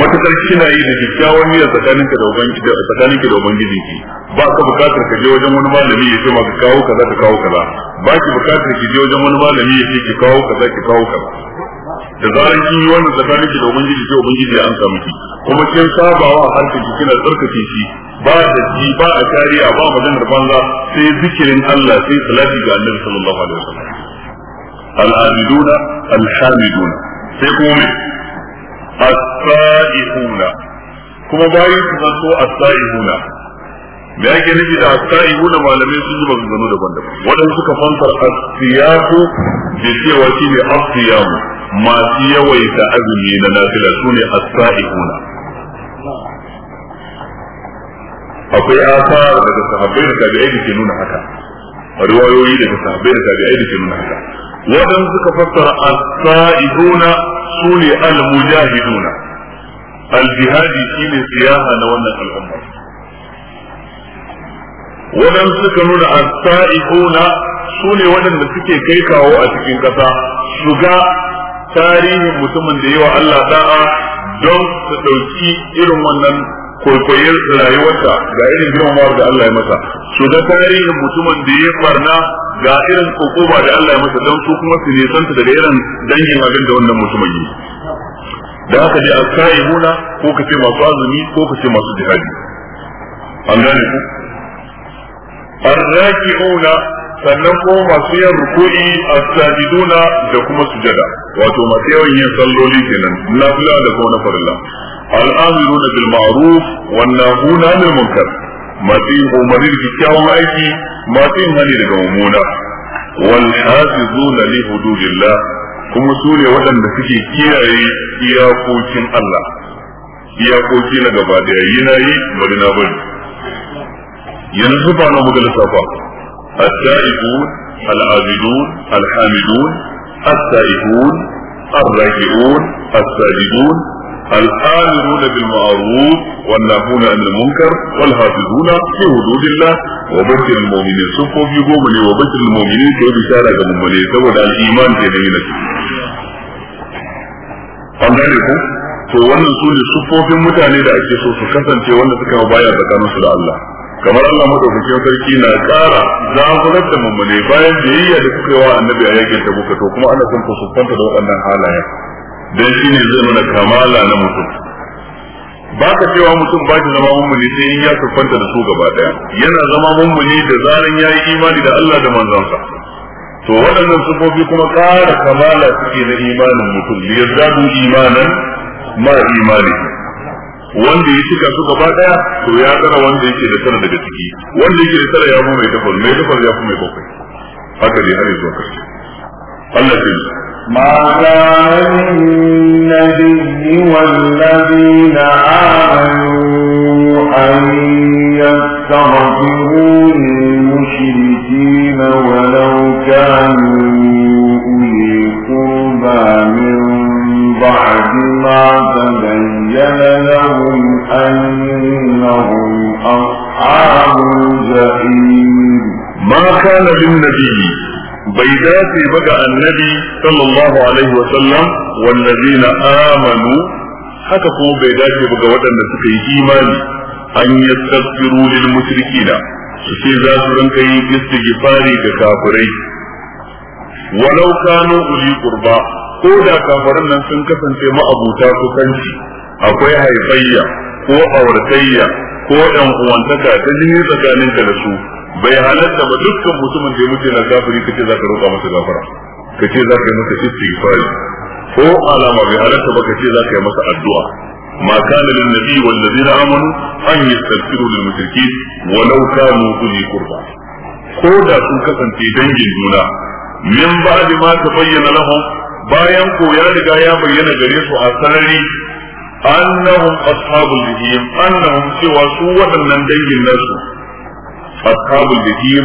matukar kina yi da kyakkyawan tsakanin ka da tsakanin tsakaninki da ubangijinki ba ka bukatar ka je wajen wani malami ya ce ma ka kawo kaza ka kawo kaza ba ki bukatar ki je wajen wani malami ya ce ki kawo kaza ki kawo kaza da zarar kin yi wannan tsakaninki da ubangiji ki ubangiji ya amsa miki kuma kin saba wa harkar ki kina tsarkake shi ba da ji ba a kariya ba maganar banza sai zikirin Allah sai salati ga Annabi sallallahu alaihi wasallam العابدون الحامدون سيكون السائحون كما باي تزنتو السائحون me ake nufi da sa'ihu da malamai sun yi maganganu daban-daban waɗanda suka fansar asiyahu da cewa shi ne Asiyamu masu yawaita azumi na nafila su ne asa'ihuna akwai asar daga sahabbai da tabi'ai da ke nuna haka riwayoyi daga sahabbai da tabi'ai da ke nuna haka wadan suka fassara as-sa'iduna sune al-mujahiduna al-jihadi shine siyaha na wannan al'umma wadan suka nuna as-sa'iduna sune waɗanda suke kai kawo a cikin ƙasa, shuga tarihin mutumin da yawa Allah da'a don su ɗauki irin wannan kwaikwayar rayuwarta ga irin girmamawar da Allah ya masa su da tarihin mutumin da ya barna ga irin kokoba da Allah ya masa don su kuma su santa daga irin dangin abin da wannan mutumin yi da haka dai al muna ko ka ce masu azumi ko ka ce masu jihadi an gane ku auna sannan ko masu yin ruku'i a sajiduna da kuma sujada wato masu yawan yin salloli kenan nafila da kuma na farilla al'amiruna bil ma'ruf wan nahuna 'anil munkar masu yin umarni da kyakkyawan aiki masu yin hani daga mummuna wal hafizuna li hududillah kuma su ne waɗanda suke kiyaye iyakokin Allah iyakoki na gaba da yayi na yi bari na bari yanzu ba na mugal safa التائبون العابدون الحامدون السائحون الراكعون الساجدون الآمرون بالمعروف والناهون عن المنكر والحافظون في حدود الله وبشر المؤمنين سفوا في قومني وبشر المؤمنين كي بشارة المؤمنين سوى الإيمان في دينك an to wannan su ne mutane da ake so su kasance wanda suka baya tsakanin su da Allah kamar Allah madaukakin sarki na ƙara zaburar da mummune bayan biyayya da suka yi wa annabi a yakin tabuka to kuma ana son ku siffanta da waɗannan halayen dan shine zai nuna kamala na mutum ba ka cewa mutum ba shi zama mummuni sai in ya kufanta da su gaba daya yana zama mummuni da zaran ya yi imani da Allah da manzansa to waɗannan sufofi kuma ƙara kamala suke na imanin mutum da ya zaɓi imanan ma imani wanda ya cika su gaba ɗaya to ya tsara wanda yake da tsara daga ciki wanda yake da tsara ya fi mai tafar mai tafar ya fi mai bakwai haka dai har yanzu a ƙarshe Allah ya ما كان للنبي والذين آمنوا أن يستغفروا للمشركين ولو كانوا أولي قربى من بعد ما تبين لهم أنهم أصحاب الجحيم ما كان للنبي bai dace ba ga annabi sallallahu alaihi wa sallam wallazina amanu haka kuma bai dace ba ga waɗanda suka yi imani an yastaghfiru lil mushrikina su ce za su rinka yi istighfari ga kafirai walau kanu uli qurba ko da kafirin nan sun kasance ma'abuta kusanci akwai haifayya ko auratayya ko ɗan uwantaka ta jini tsakaninka da su bai halatta ba dukkan mutumin da ya mutu yana kafiri kace za ka roƙa masa gafara kace za yi masa istighfari ko alama bai halatta ba kace za yi masa addu'a wal ladina amanu an yastaghfiru lil يستغفروا walau kanu كانوا qurba Ko da sun kasance dangin juna min ba'd ma tabayyana lahum bayan ko ya riga ya bayyana gare su a sarari annahum ashabul jahim annahum cewa su waɗannan dangin nasu ashabul jahim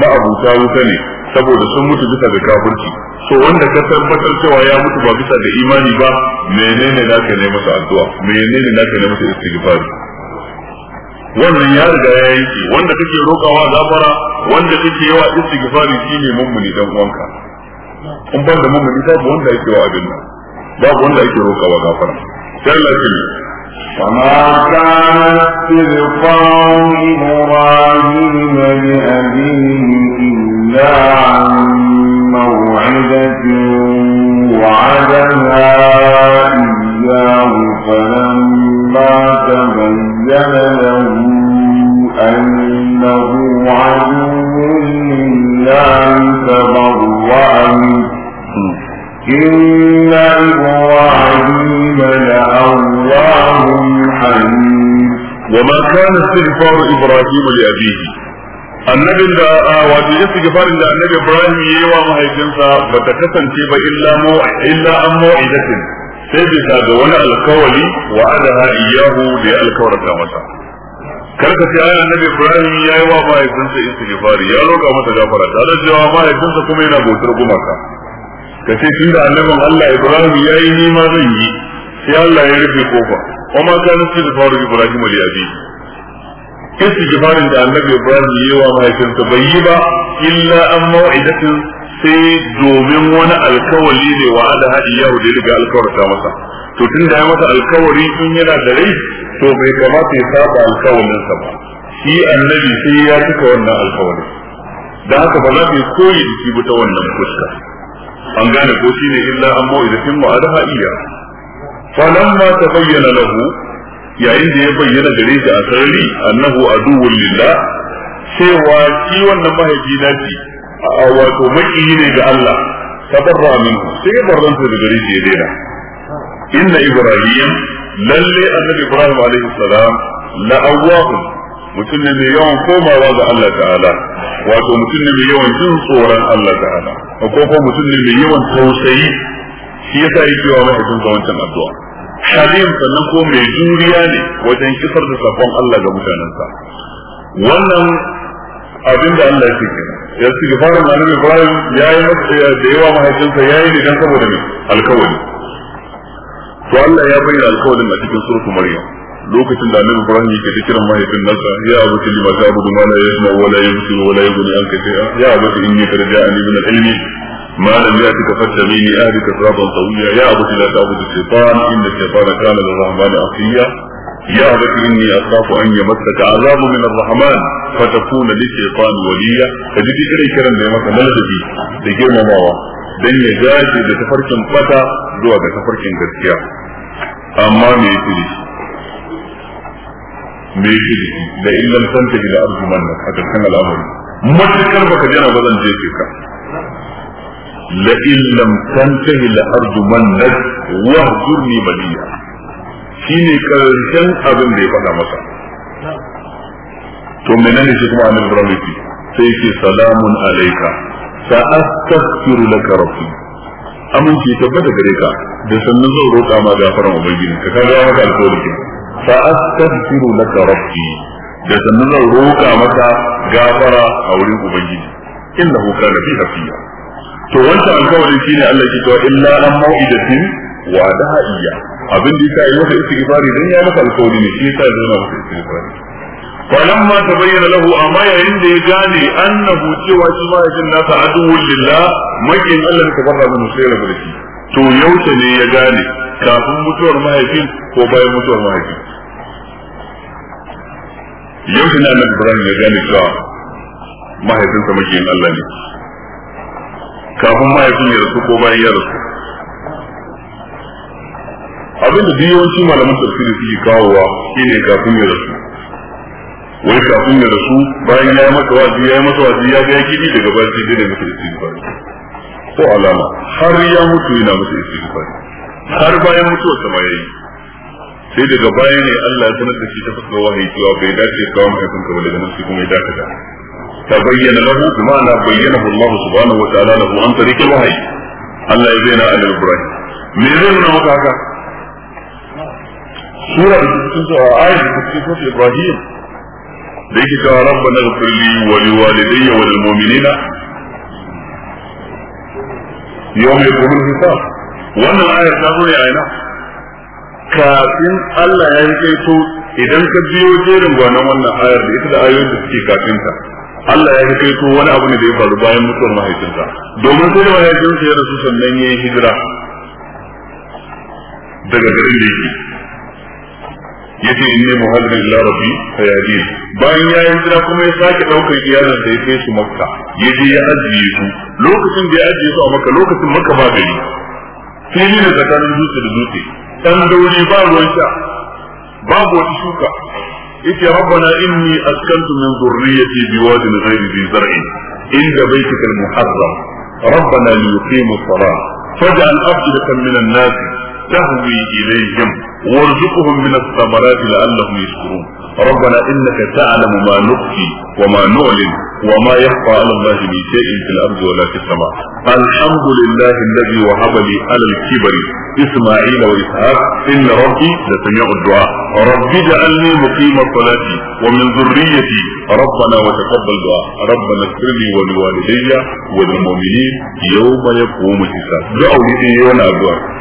ma'abuta wuta ne saboda sun mutu bisa ga kafirci so wanda ka tabbatar cewa ya mutu ba bisa da imani ba menene naka ne masa addu'a menene naka ne masa istighfar wannan ya riga ya yanke wanda kake rokawa zafara wanda kake yawa istighfar shine mummuni dan uwanka in ban da mummuni babu wanda yake wa abin nan babu wanda yake rokawa zafara sai Allah ya وما كان استغفار إبراهيم لأبيه إلا وما كان استغفار إبراهيم لأبيه annabin da wato ya fi gifarin da annabi Ibrahim ya yi wa mahaifinsa ba ta kasance ba illa mu illa an mu'idatin sai bisa ga wani alkawali wa adaha iyahu da ya alkawarta masa kar ka ce ayan annabi Ibrahim ya yi wa mahaifinsa istighfari ya roƙa masa gafara ta da cewa mahaifinsa kuma yana bautar gumaka ka ce tunda annabin Allah Ibrahim ya yi nima zan yi sai Allah ya rufe kofa wa ma kana istighfaru ibrahim li abi istighfarin da annabi ibrahim yayi wa mahaifinsa bai yi ba illa an mau'idatin sai domin wani alkawali ne wa da hadi yau da riga alkawarta masa to tun da ya masa alkawari in yana da rai to bai kamata ya saba alkawalinsa ba shi annabi sai ya cika wannan alkawarin da haka ba za ta yi koyi da shi ta wannan fuska an gane ko shi ne illa an mawa'idatin wa'adaha ha'iyya. falamma tabayyana nahu yayin da ya bayyana gare shi a sarari annahu aduwwul lillah cewa shi wannan mahaifi na ci wato makiyi ne ga Allah tabarra minhu sai ya barranta da gare ya daina inna ibrahim lalle annabi ibrahim alaihi salam la awwahun mutum ne mai yawan komawa ga Allah ta'ala wato mutum ne mai yawan jin tsoron Allah ta'ala ko ko mutum ne mai yawan tausayi shi yasa yake wa mahaifin sa wancan addu'a halim sannan ko mai juriya ne wajen kisar da sakon Allah ga mutanensa wannan abin da Allah yake kira ya ci gafarin na nabi Ibrahim ya yi masa da yawa mahaifinsa ya yi idan saboda mai alkawari to Allah ya bayyana alkawarin a cikin suratul Maryam lokacin da annabi Ibrahim yake da kiran mahaifin nasa ya abuci lima ta abudu ma la yasma wa la yubsiru wa la yughni anka shay'a ya abuci inni qad ja'ani min al-ilmi ما لم يأتك فاتبع لأهلك صراطا سويا يا أبت لا تعبد الشيطان إن الشيطان كان للرحمن عصيا يا أبت إني أخاف أن يمسك عذاب من الرحمن فتكون للشيطان وليا فجدي كده كلام ده مثلا ملذي تجيب ماما dan ya gashi da tafarkin fata zuwa ga tafarkin gaskiya amma me yake me yake da illan santa bila arjuman a cikin al'amari matukar baka jana ba zan je ka la'in lam tantahi la'ardu mannat wa zurni shine karshen abin da ya faɗa masa to menene shi kuma annabi Ibrahim yake sai yake salamun alayka sa astaghfiru laka rabbi amince tabbata gare ka da sannan zan roƙa ma gafaran ubangiji ka kaga maka alƙawari ke fa astaghfiru laka rabbi da sannan zan roƙa maka gafara a wurin ubangiji innahu kana bi hafiya to wancan alkawari shine Allah ke cewa illa an mau'idatin wa da'iyya abin da yasa yi masa istighfari dan ya masa alkawari ne shi yasa ya zauna masa istighfari falamma tabayyana lahu amma yayin da ya gane annahu cewa shi ma yakin nasa aduwwul lillah makin Allah ne tabarra min sayra da shi to yaushe ne ya gane kafin mutuwar mahaifin ko bayan mutuwar mahaifin Yau yaushe ne annabi Ibrahim ya gane cewa mahaifinsa makiyin Allah ne kafin mahaifin ya rasu ko bayan ya rasu abin da yawanci malaman tafsiri suke kawowa shine kafin ya rasu wai kafin ya rasu bayan ya yi masa wazi ya yi masa wazi ya ga ya kidi daga bayan sai dai masa istighfar ko alama har ya mutu yana masa istighfar har bayan mutuwa sama yayi sai daga baya ne Allah ya sanar da shi ta fuskar wahayi cewa bai dace kawo mahaifinka ba daga nan sai kuma ya dakata تبين له بمعنى بينه الله سبحانه وتعالى له عن طريق الوحي Allah ya zaina annabi Ibrahim me zai nuna maka haka sura da cikin cewa ayat da cikin sura Ibrahim da yake cewa rabbana ighfir li wa li walidayya wa lil mu'minina yawm yaqumul hisab wannan ayat ta zo ne a kafin Allah ya yi kaito idan ka biyo jerin gwanan wannan ayar da ita da ayoyin da suke kafinta. Allah ya kai ko wani abu ne da ya faru bayan mutuwar mahaifinsa domin sai da mahaifinsa ya rasu sannan ya yi hijira daga garin da yake ne inni muhajirin ila rabbi fayadin bayan ya yi hijira kuma ya sake daukar iyalin da ya kai su makka ya je ya ajiye su lokacin da ya ajiye su a makka lokacin makka ba gari sai ne da tsakanin dutse da dutse dan dauri ba ruwan sha babu wata shuka yake ربنا إني أسكنت من ذريتي بواد غير ذي زرع إلا بيتك المحرم ربنا ليقيموا الصلاة فاجعل أفئدة من الناس تهوي إليهم وارزقهم من الثمرات لعلهم يشكرون ربنا إنك تعلم ما نخفي وما نعلن وما يخفى على الله من شيء في الأرض ولا في السماء الحمد لله الذي وهب لي على الكبر إسماعيل وإسحاق إن ربي لسميع الدعاء رب اجعلني مقيم الصلاة ومن ذريتي ربنا وتقبل دعاء ربنا اغفر لي ولوالدي وللمؤمنين يوم يقوم الحساب دعوا لي يوم الدعاء.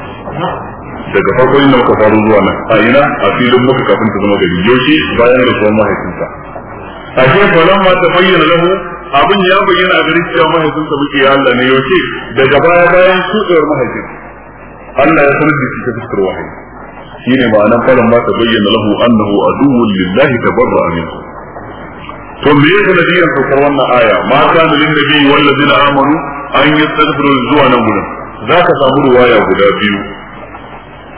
daga farko inda muka faru zuwa nan a ina a filin muka kafin ta zama gari yaushe bayan da rasuwar mahaifinsa a ke falon ma ta bayyana lahu abin ya bayyana a garin cewa mahaifinsa muke ya Allah ne yaushe daga baya bayan shuɗewar mahaifin Allah ya sanar da shi ta fuskar wahayi shine ma'anar falon ma ta bayyana lahu annahu aduwwun lillahi tabarra min to me yake da biyan saukar wannan aya ma kana lin nabi wallazina amanu an yastaghfiru zuwa nan Za zaka samu ruwaya guda biyu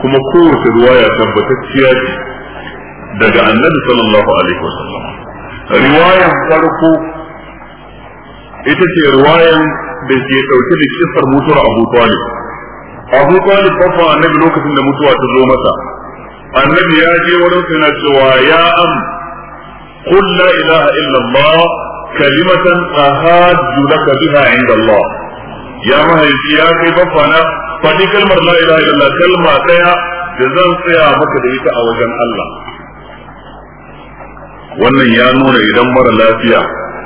kuma kowace riwaya tabbatacciya ce daga annabi sallallahu alaihi wasallam riwayan farko ita ce riwayan da ke dauke da kisar mutuwar Abu Talib Abu Talib babban annabi lokacin da mutuwa ta zo masa annabi ya je wurin sa yana cewa ya am qul la ilaha illa Allah kalimatan biha inda Allah ya mahaifi ya kai bafana. faɗi kalmar la ilaha illallah kalma daya da zan tsaya maka da ita a wajen Allah wannan ya nuna idan mara lafiya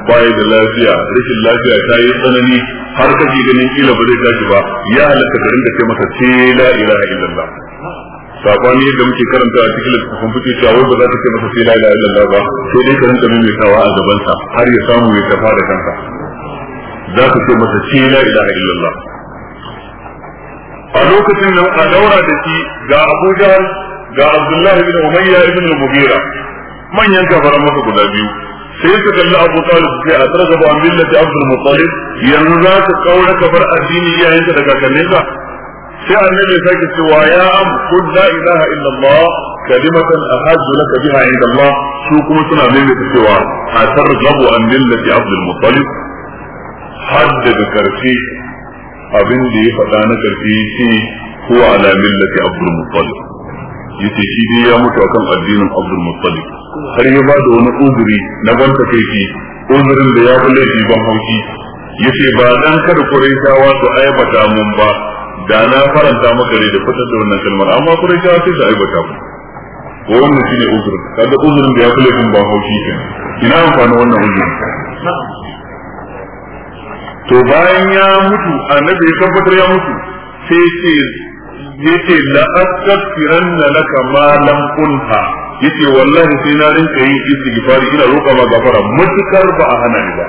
baya da lafiya rashin lafiya ta yi tsanani har kake ganin kila ba zai tashi ba ya halatta garin da ke masa ce la ilaha illallah sabani yadda muke karanta a cikin littattafan fice cewa wai ba za ta ce masa sai la ilaha illallah ba sai dai ka rinka mai tawa a gaban har ya samu ya tafa da kansa za ka ce masa ce la ilaha illallah a lokacin nan a daura da shi ga Abu Jahl ga Abdullah ibn Umayya ibn Mughira manyan kafaran masa guda biyu sai su kalli Abu Talib sai a tsara gaba millati Abdul Muttalib yanzu za ka kaura ka bar addini yayin daga kakanninka sai annabi sake cewa ya am kun la ilaha illa Allah kalimatan ahaddu laka biha inda Allah su kuma suna maimaita cewa a targabu an millati Abdul Muttalib hadda da karshe abin da ya faɗa na ƙarfi shi ko ala millati abdul muttalib yace shi dai ya mutu akan addinin abdul muttalib har ya ba da wani uzuri na banta kai shi uzurin da ya kula shi ban hauki yace ba dan kada quraishawa su aibata mun ba da na faranta maka da fitar da wannan kalmar amma quraishawa sai su aibata mu ko wannan shine uzurin kada uzurin da ya kula shi ban hauki kenan ina amfani wannan uzurin to bayan ya mutu annabi ya tabbatar ya mutu sai ce yace la astaghfiranna laka ma lam kunha yace wallahi sai na rinka yin istighfari ina roƙa ma gafara mutukar ba a hana ni ba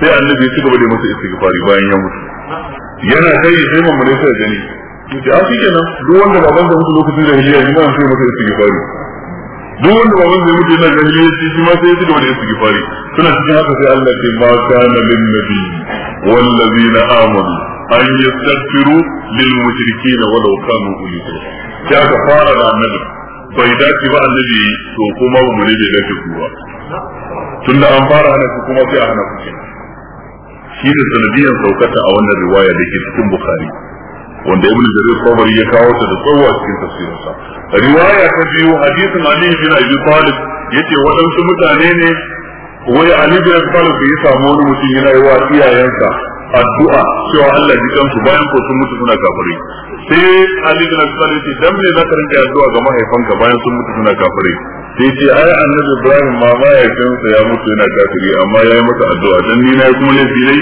sai annabi ya ci gaba da masa istighfari bayan ya mutu yana kai sai mun ne sai gani yace a ah, shi kenan duk wanda baban da mutu lokacin da ya yi ba sai masa istighfari duk wanda ba wanda mutu yana jahiliyanci shi ma sai ya ci da yasu gifari suna cikin haka sai Allah ce ma kana lin nabi na amanu an yi yastaghfiru lil mushrikeen walau kuli ko sai aka fara da annabi bai dace ba annabi to kuma mu ne bai dace ku ba tunda an fara hana ku kuma sai a hana ku shi ne sanadiyar saukata a wannan riwaya da ke cikin bukhari wanda ibn jarir sabari ya kawo ta da tsawo cikin tafsirinsa riwaya ta biyu hadisin ali bin abi talib yace waɗansu mutane ne wai ali bin abi talib bai samu wani mutum yana yi wa iyayensa addu'a cewa Allah ji kansu bayan ko sun mutu suna kafirai sai Ali bin Abi Talib ce dan me za rinka addu'a ga mahaifanka bayan sun mutu suna kafirai sai ce ai Annabi Ibrahim ma mahaifinsa ya mutu yana kafiri amma ya yi masa addu'a dan ni na kuma ne filai.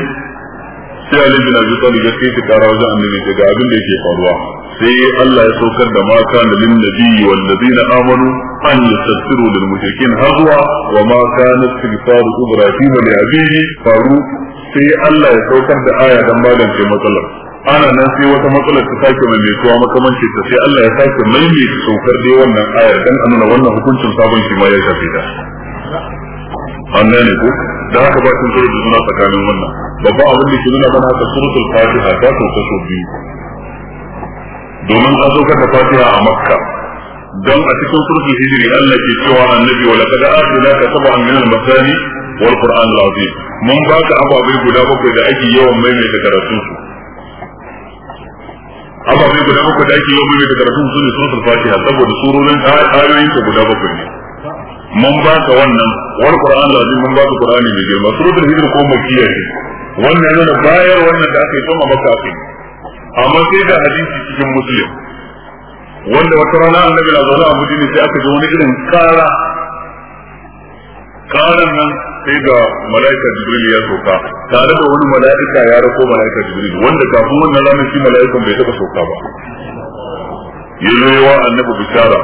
sai Ali bin Abi Talib ya kai kara wajen annabi ta ga abin da yake faruwa sai Allah ya saukar da mata da lin nabiyyi wal ladina amanu an yastaghfiru lil mushrikeen hazwa wa ma kana istighfaru Ibrahim li abihi faru sai Allah ya saukar da aya dan magance matsalar ana nan sai wata matsalar ta sake mai mai tuwa makamanci ta sai Allah ya sake mai mai saukar dai wannan ayar dan annuna wannan hukuncin sabon shi ma ya shafe ta ne ko da haka ba sun sai da suna tsakanin wannan babban abin da ke nuna mana haka surutul fatiha ta so ta so biyu domin an zo da fatiha a makka don a cikin surutul hijiri Allah ke cewa annabi wa laqad atayna sab'an min al-masani wal qur'an al-azim mun ka ababai guda bakwai da ake yawan maimaita karatun su ababai guda bakwai da ake yawan maimaita karatun su ne surutul fatiha saboda surorin ayoyin guda bakwai ne mun ba ka wannan wal qur'an lazim mun ba ka qur'ani mai girma suratul hijr ko makkiya ce wannan yana bayar wannan da aka yi tuma maka kai amma sai da hadisi cikin muslim wanda wata rana annabi na zaune a mutum sai aka ji wani irin kara karan nan sai ga mala'ika jibril ya sauka tare da wani mala'ika ya rako mala'ika jibril wanda kafin wannan ranar shi mala'ikan bai taba sauka ba ya zo yawa annabi bishara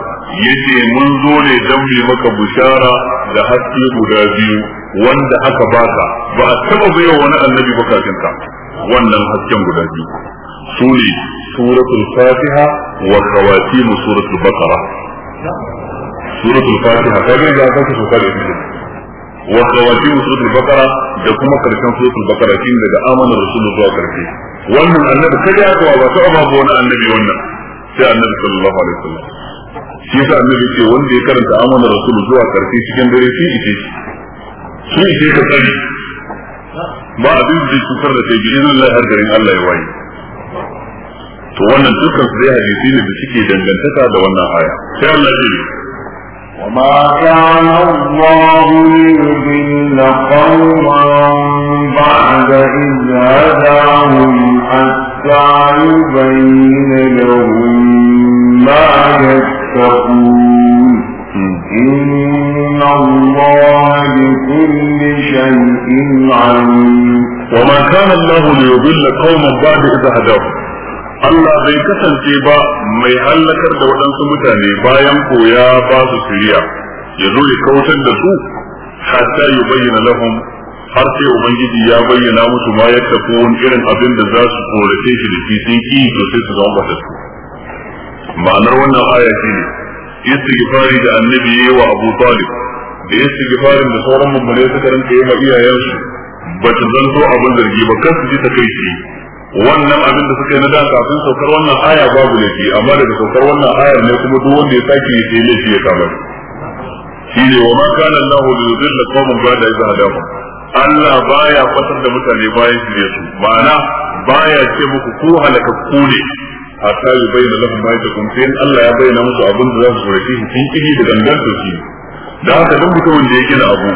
yace mun zo ne dan mu maka bishara da haske guda biyu wanda aka baka ba a taba bai wani annabi ba kafin ka wannan hasken guda biyu su ne suratul fatiha wa kawatimu suratul baqara suratul fatiha ta ga ya kace sura da ita wa kawatimu suratul baqara da kuma karshen suratul baqara kin daga amanar rasulullah zuwa karshe wannan annabi kada ya ga ba ta ba wani annabi wannan sai annabi sallallahu alaihi wasallam shi yasa annabi ce wanda ya karanta amanar rasul zuwa karfi cikin dare shi ishe shi shi ishe ka sani ba abin da cutar da sai gidan Allah har garin Allah ya waye to wannan dukkan su dai hadisi ne da suke dangantaka da wannan aya sai Allah ya ce وما كان الله ليضل قوما بعد إذ هداهم حتى حتى يبين لهم ما يتقون إن الله بكل شيء عليم وما كان الله ليضل قوما بعد إذا هداهم Allah bai kasance ba mai hallakar da waɗansu mutane bayan koya ba su shirya ya zo ya kautar da su hatta yi bayyana lahum har sai ubangiji ya bayyana musu ma ya tafi wani irin abin da za su korafe shi da shi sun ki to sai su zama ba su ma'anar wannan aya shi ne istighfari da annabi yayi wa Abu Talib da istighfarin da sauran mummune suka rinka yi ma iyayensu ba ta zanto abin zargi ba kan su ji ta takaici wannan abin da suka yi na da kafin saukar wannan aya babu laifi amma daga saukar wannan ayar ne kuma duk wanda ya sake ya sai laifi ya kama shi ne wa ma kana Allahu li yudilla qauman ba'da idh hadahum Allah baya kwatar da mutane bayan su shirye su ma'ana baya ce muku ko halakakku ne a ta yi bayyana lafin bayan da kuma sai Allah ya bayyana muku abin da za su zurfi shi sun kiri da gangan su shi da haka duk mutumin da ya gina abu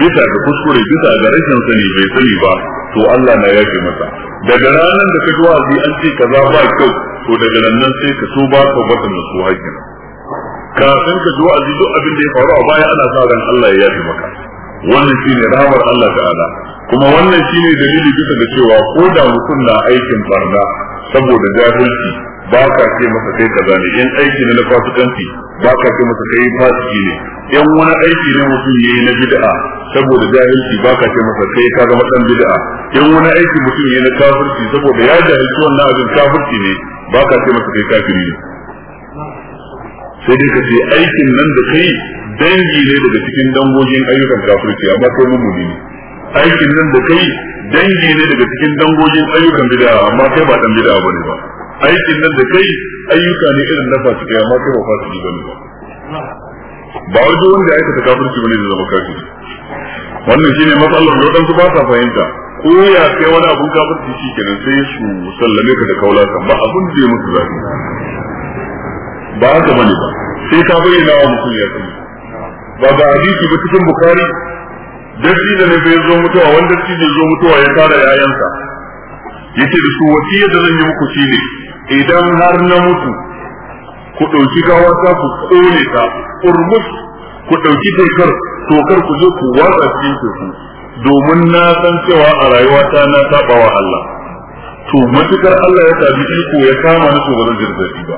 bisa ga kuskure bisa ga rashin sani bai sani ba to Allah na yafe masa daga ranar da ka ji wa'azi an ce kaza ba kyau to daga nan sai ka tuba ka bata nasu hakkin kafin ka ji wa'azi duk abin da ya faru a baya ana sa ran Allah ya yafe maka wannan shine rahmar Allah ta'ala kuma wannan shine dalili bisa da cewa ko da mutum na aikin barna saboda jahilci ba ka ce masa kai kaza ne in aiki ne na fasikanci ba ka ce masa kai fasiki ne in wani aiki ne mutum yayi na bid'a saboda jahilci ba ka ce masa kai ka ga dan bid'a in wani aiki mutum yayi na kafirci saboda ya jahilci wannan abin kafirci ne ba ka ce masa kai kafiri ne sai dai ka ce aikin nan da kai dangi ne daga cikin dangogin ayyukan kafirci amma kai mummuni aikin nan da kai dangi ne daga cikin dangogin ayyukan bid'a amma kai ba dan bid'a bane ba aikin nan da kai ayyuka ne irin na fasiki amma kai ba fasiki bane ba ba wajen wanda aikata kafirci bane da zama kafiri wannan shine matsalar da wadansu ba sa fahimta ko ya kai wani abun kafirci shi kenan sai su sallame ka da ka ba abun da ya musu zafi ba haka bane ba sai ka bayyana wa mutum ya sani ba ba hadisi ba cikin bukari dashi da ne bai zo mutuwa wanda shi da zo mutuwa ya tara yayansa yace da su wasu yadda zan yi muku shi ne. idan har na mutu ku ɗauki gawata ku kone ta urmus ku ɗauki tokar tokar ku zo ku watsa cikin teku domin na san cewa a rayuwata na saba wa Allah to matukar Allah ya tabi iko ya kama ni to ba ba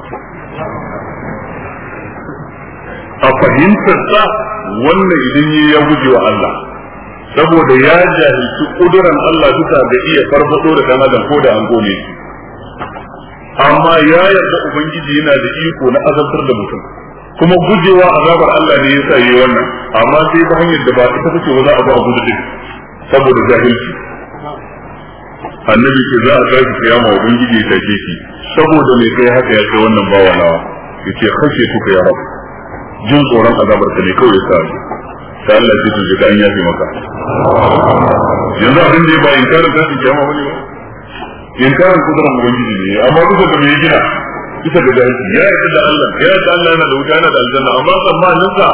a fahimtar sa wannan idan yi ya guje wa Allah saboda ya jahilci kuduran Allah duka ga iya farfado da dan adam ko da an gome amma ya yarda ubangiji yana da iko na azabtar da mutum kuma gujewa azabar Allah ne yasa yi wannan amma sai ta hanyar da ba ta take wani abu a gudu saboda jahilci annabi ke za a tashi kiyama ubangiji ya tashi shi saboda me kai haka ya ce wannan bawa nawa yace kashe suka ya rabu jin tsoron azabar ka ne kawai sa ta Allah ce tuje ji ka an yafe maka yanzu abin da ya ba inkarin tashin kiyama wani ba inkarin kudurin ubangiji ne amma duka da mai gina kisa da jahilci ya yi da Allah ya da Allah yana da wuta yana da aljanna amma tsammanin sa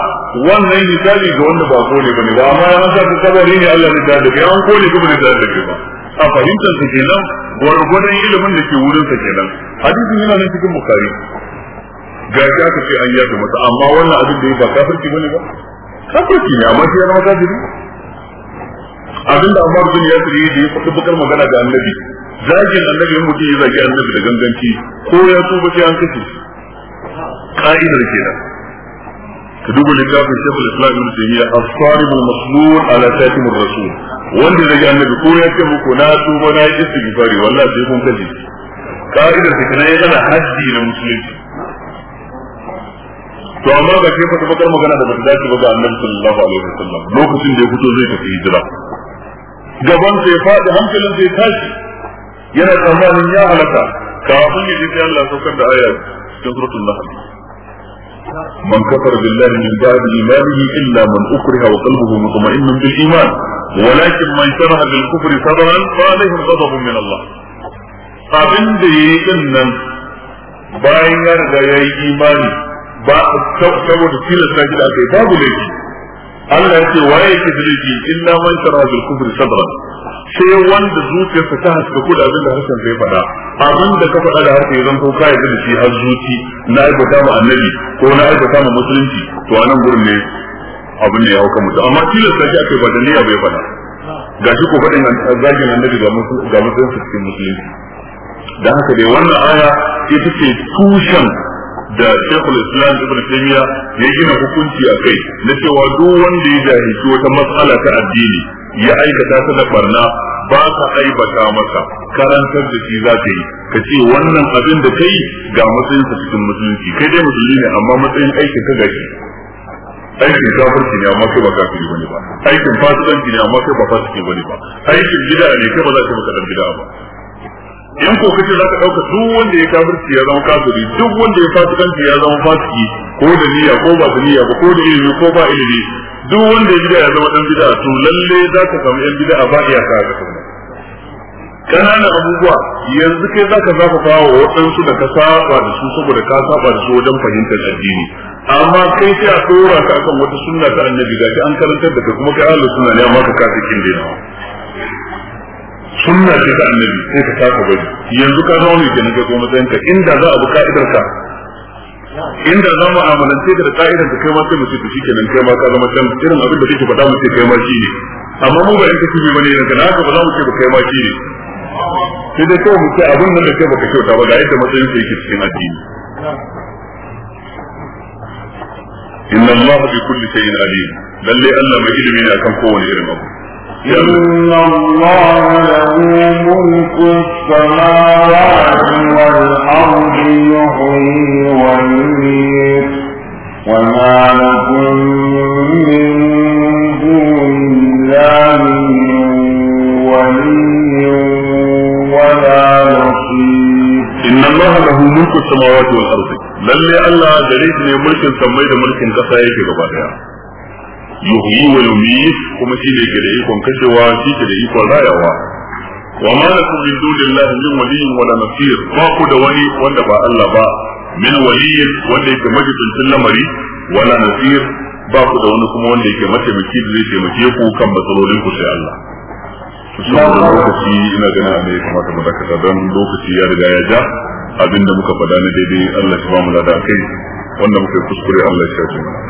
wannan misali ga wanda ba kone ne ba amma ya sa ku kabari ne Allah ne da kai an kone kuma ne da kai ba a fahimtar sa kenan gwargwadon ilimin da ke wurin sa kenan hadisin yana nan cikin bukari ga shi aka ce an yafe masa amma wannan abin da ya ba kafirci bane ba kafirci ne amma shi ya zama kafiri abin da Umar bin Yasir yi da ya faɗi bakar magana ga Annabi zagin Annabi in mutum ya zagi Annabi da ganganci ko ya tuba sai an kace ka'idar kenan ka duba littafin Shaykhul Islam Ibn Taymiyyah as-sarib al-maslul ala satim ar-rasul wanda zagi Annabi ko ya ce muku na tuba na yi istighfari wallahi sai kun kace ka'idar kenan yana haddi na musulunci to amma ga ke fata bakar magana da bata dace ba ga annabi sallallahu alaihi wasallam lokacin da ya fito zai tafi hijira gaban sai faɗi hankalin sai tashi yana tsammanin ya halaka kafin ya ji Allah saukar da aya cikin suratul nahl من كفر بالله من بعد إيمانه إلا من أكره وقلبه مطمئن بالإيمان ولكن من شرح بالكفر صدرا فعليهم غضب من الله abin da ya yi nan bayan ya yi imani ba saboda tilasta shi da aka yi babu laifi Allah ya ce waye yake da laifi illa man shara bil kufr sadra sai wanda zuciyarsa ta haska ku da abin da harshen zai faɗa abin da ka faɗa da harshe zan ko ka yi da shi har zuci na aikata ma annabi ko na aikata ma musulunci to anan gurin ne abin da ya hauka mutu amma tilasta shi aka yi ba da niyya bai faɗa ga shi ko faɗin zagin annabi ga musulunci cikin musulunci da haka dai wannan aya ita ce tushen da shekul islam ibn taymiya ya gina hukunci a kai na cewa duk wanda ya jahilci wata matsala ta addini ya aikata ta da barna ba ka aibata masa karantar da shi za ka yi ka ce wannan abin da ta yi ga matsayin sa cikin musulunci kai dai musulmi ne amma matsayin aikin ka gashi aikin kafirci ne amma kai ba kafiri bane ba aikin fasikanci ne amma kai ba fasiki bane ba aikin gida ne kai ba za ka maka dan gida ba in ko kace zaka dauka duk wanda ya kafirci ya zama kafiri duk wanda ya fasikanci ya zama fasiki ko da niyya ko ba da niyya ba ko da ilimi ko ba ilimi duk wanda ya bid'a ya zama dan bid'a to lalle zaka samu yan bid'a ba iya ka ga kuma kananan abubuwa yanzu kai zaka zaka fawo waɗansu da ka saba da su saboda ka saba da su wajen fahimtar addini amma kai sai a tsora ka akan wata sunna ta annabi gashi an karantar da kuma kai Allah sunna ne amma ka kafi kin dinawa sunna ce ta annabi sai ka taka bari yanzu ka zama mai kenan ka zo matsayin ka inda za a bi ka'idar ka inda za mu amalance da ka'idar ka kai ma sai mu ce shi kenan kai ma ka zama can irin abin da kake faɗa mu ce kai ma shi ne amma mu ba yanka kace bi bane yanzu na haka ba za mu ce ba kai ma shi ne sai dai kawai mu ce abin nan da kai baka kyauta ba ga yadda matsayin sa yake cikin addini inna allaha bi kulli shay'in alim lalle allah mai ilimi ne akan kowane irin abu إن الله له ملك السماوات والأرض يحيي ويميت وما لكم من دون الله ولي ولا نصير إن الله له ملك السماوات والأرض للي الله دليل ملك سميت ملك كفاية كبابها yuhyi wa yumiit kuma shi ne gare da ikon kashewa shi ke da ikon rayawa wa ma lakum min dunillahi min waliyyin wala nasir ba ku da wani wanda ba Allah ba min waliyyin wanda yake majibincin lamari wala nasir ba ku da wani kuma wanda yake mataimaki da zai taimake ku kan matsalolin ku sai Allah lokaci ina ganin abin ya kamata mu dakata don lokaci ya riga ya ja abinda muka faɗa na daidai Allah ya ba mu lada kai wanda muka yi kuskure Allah ya ce. mana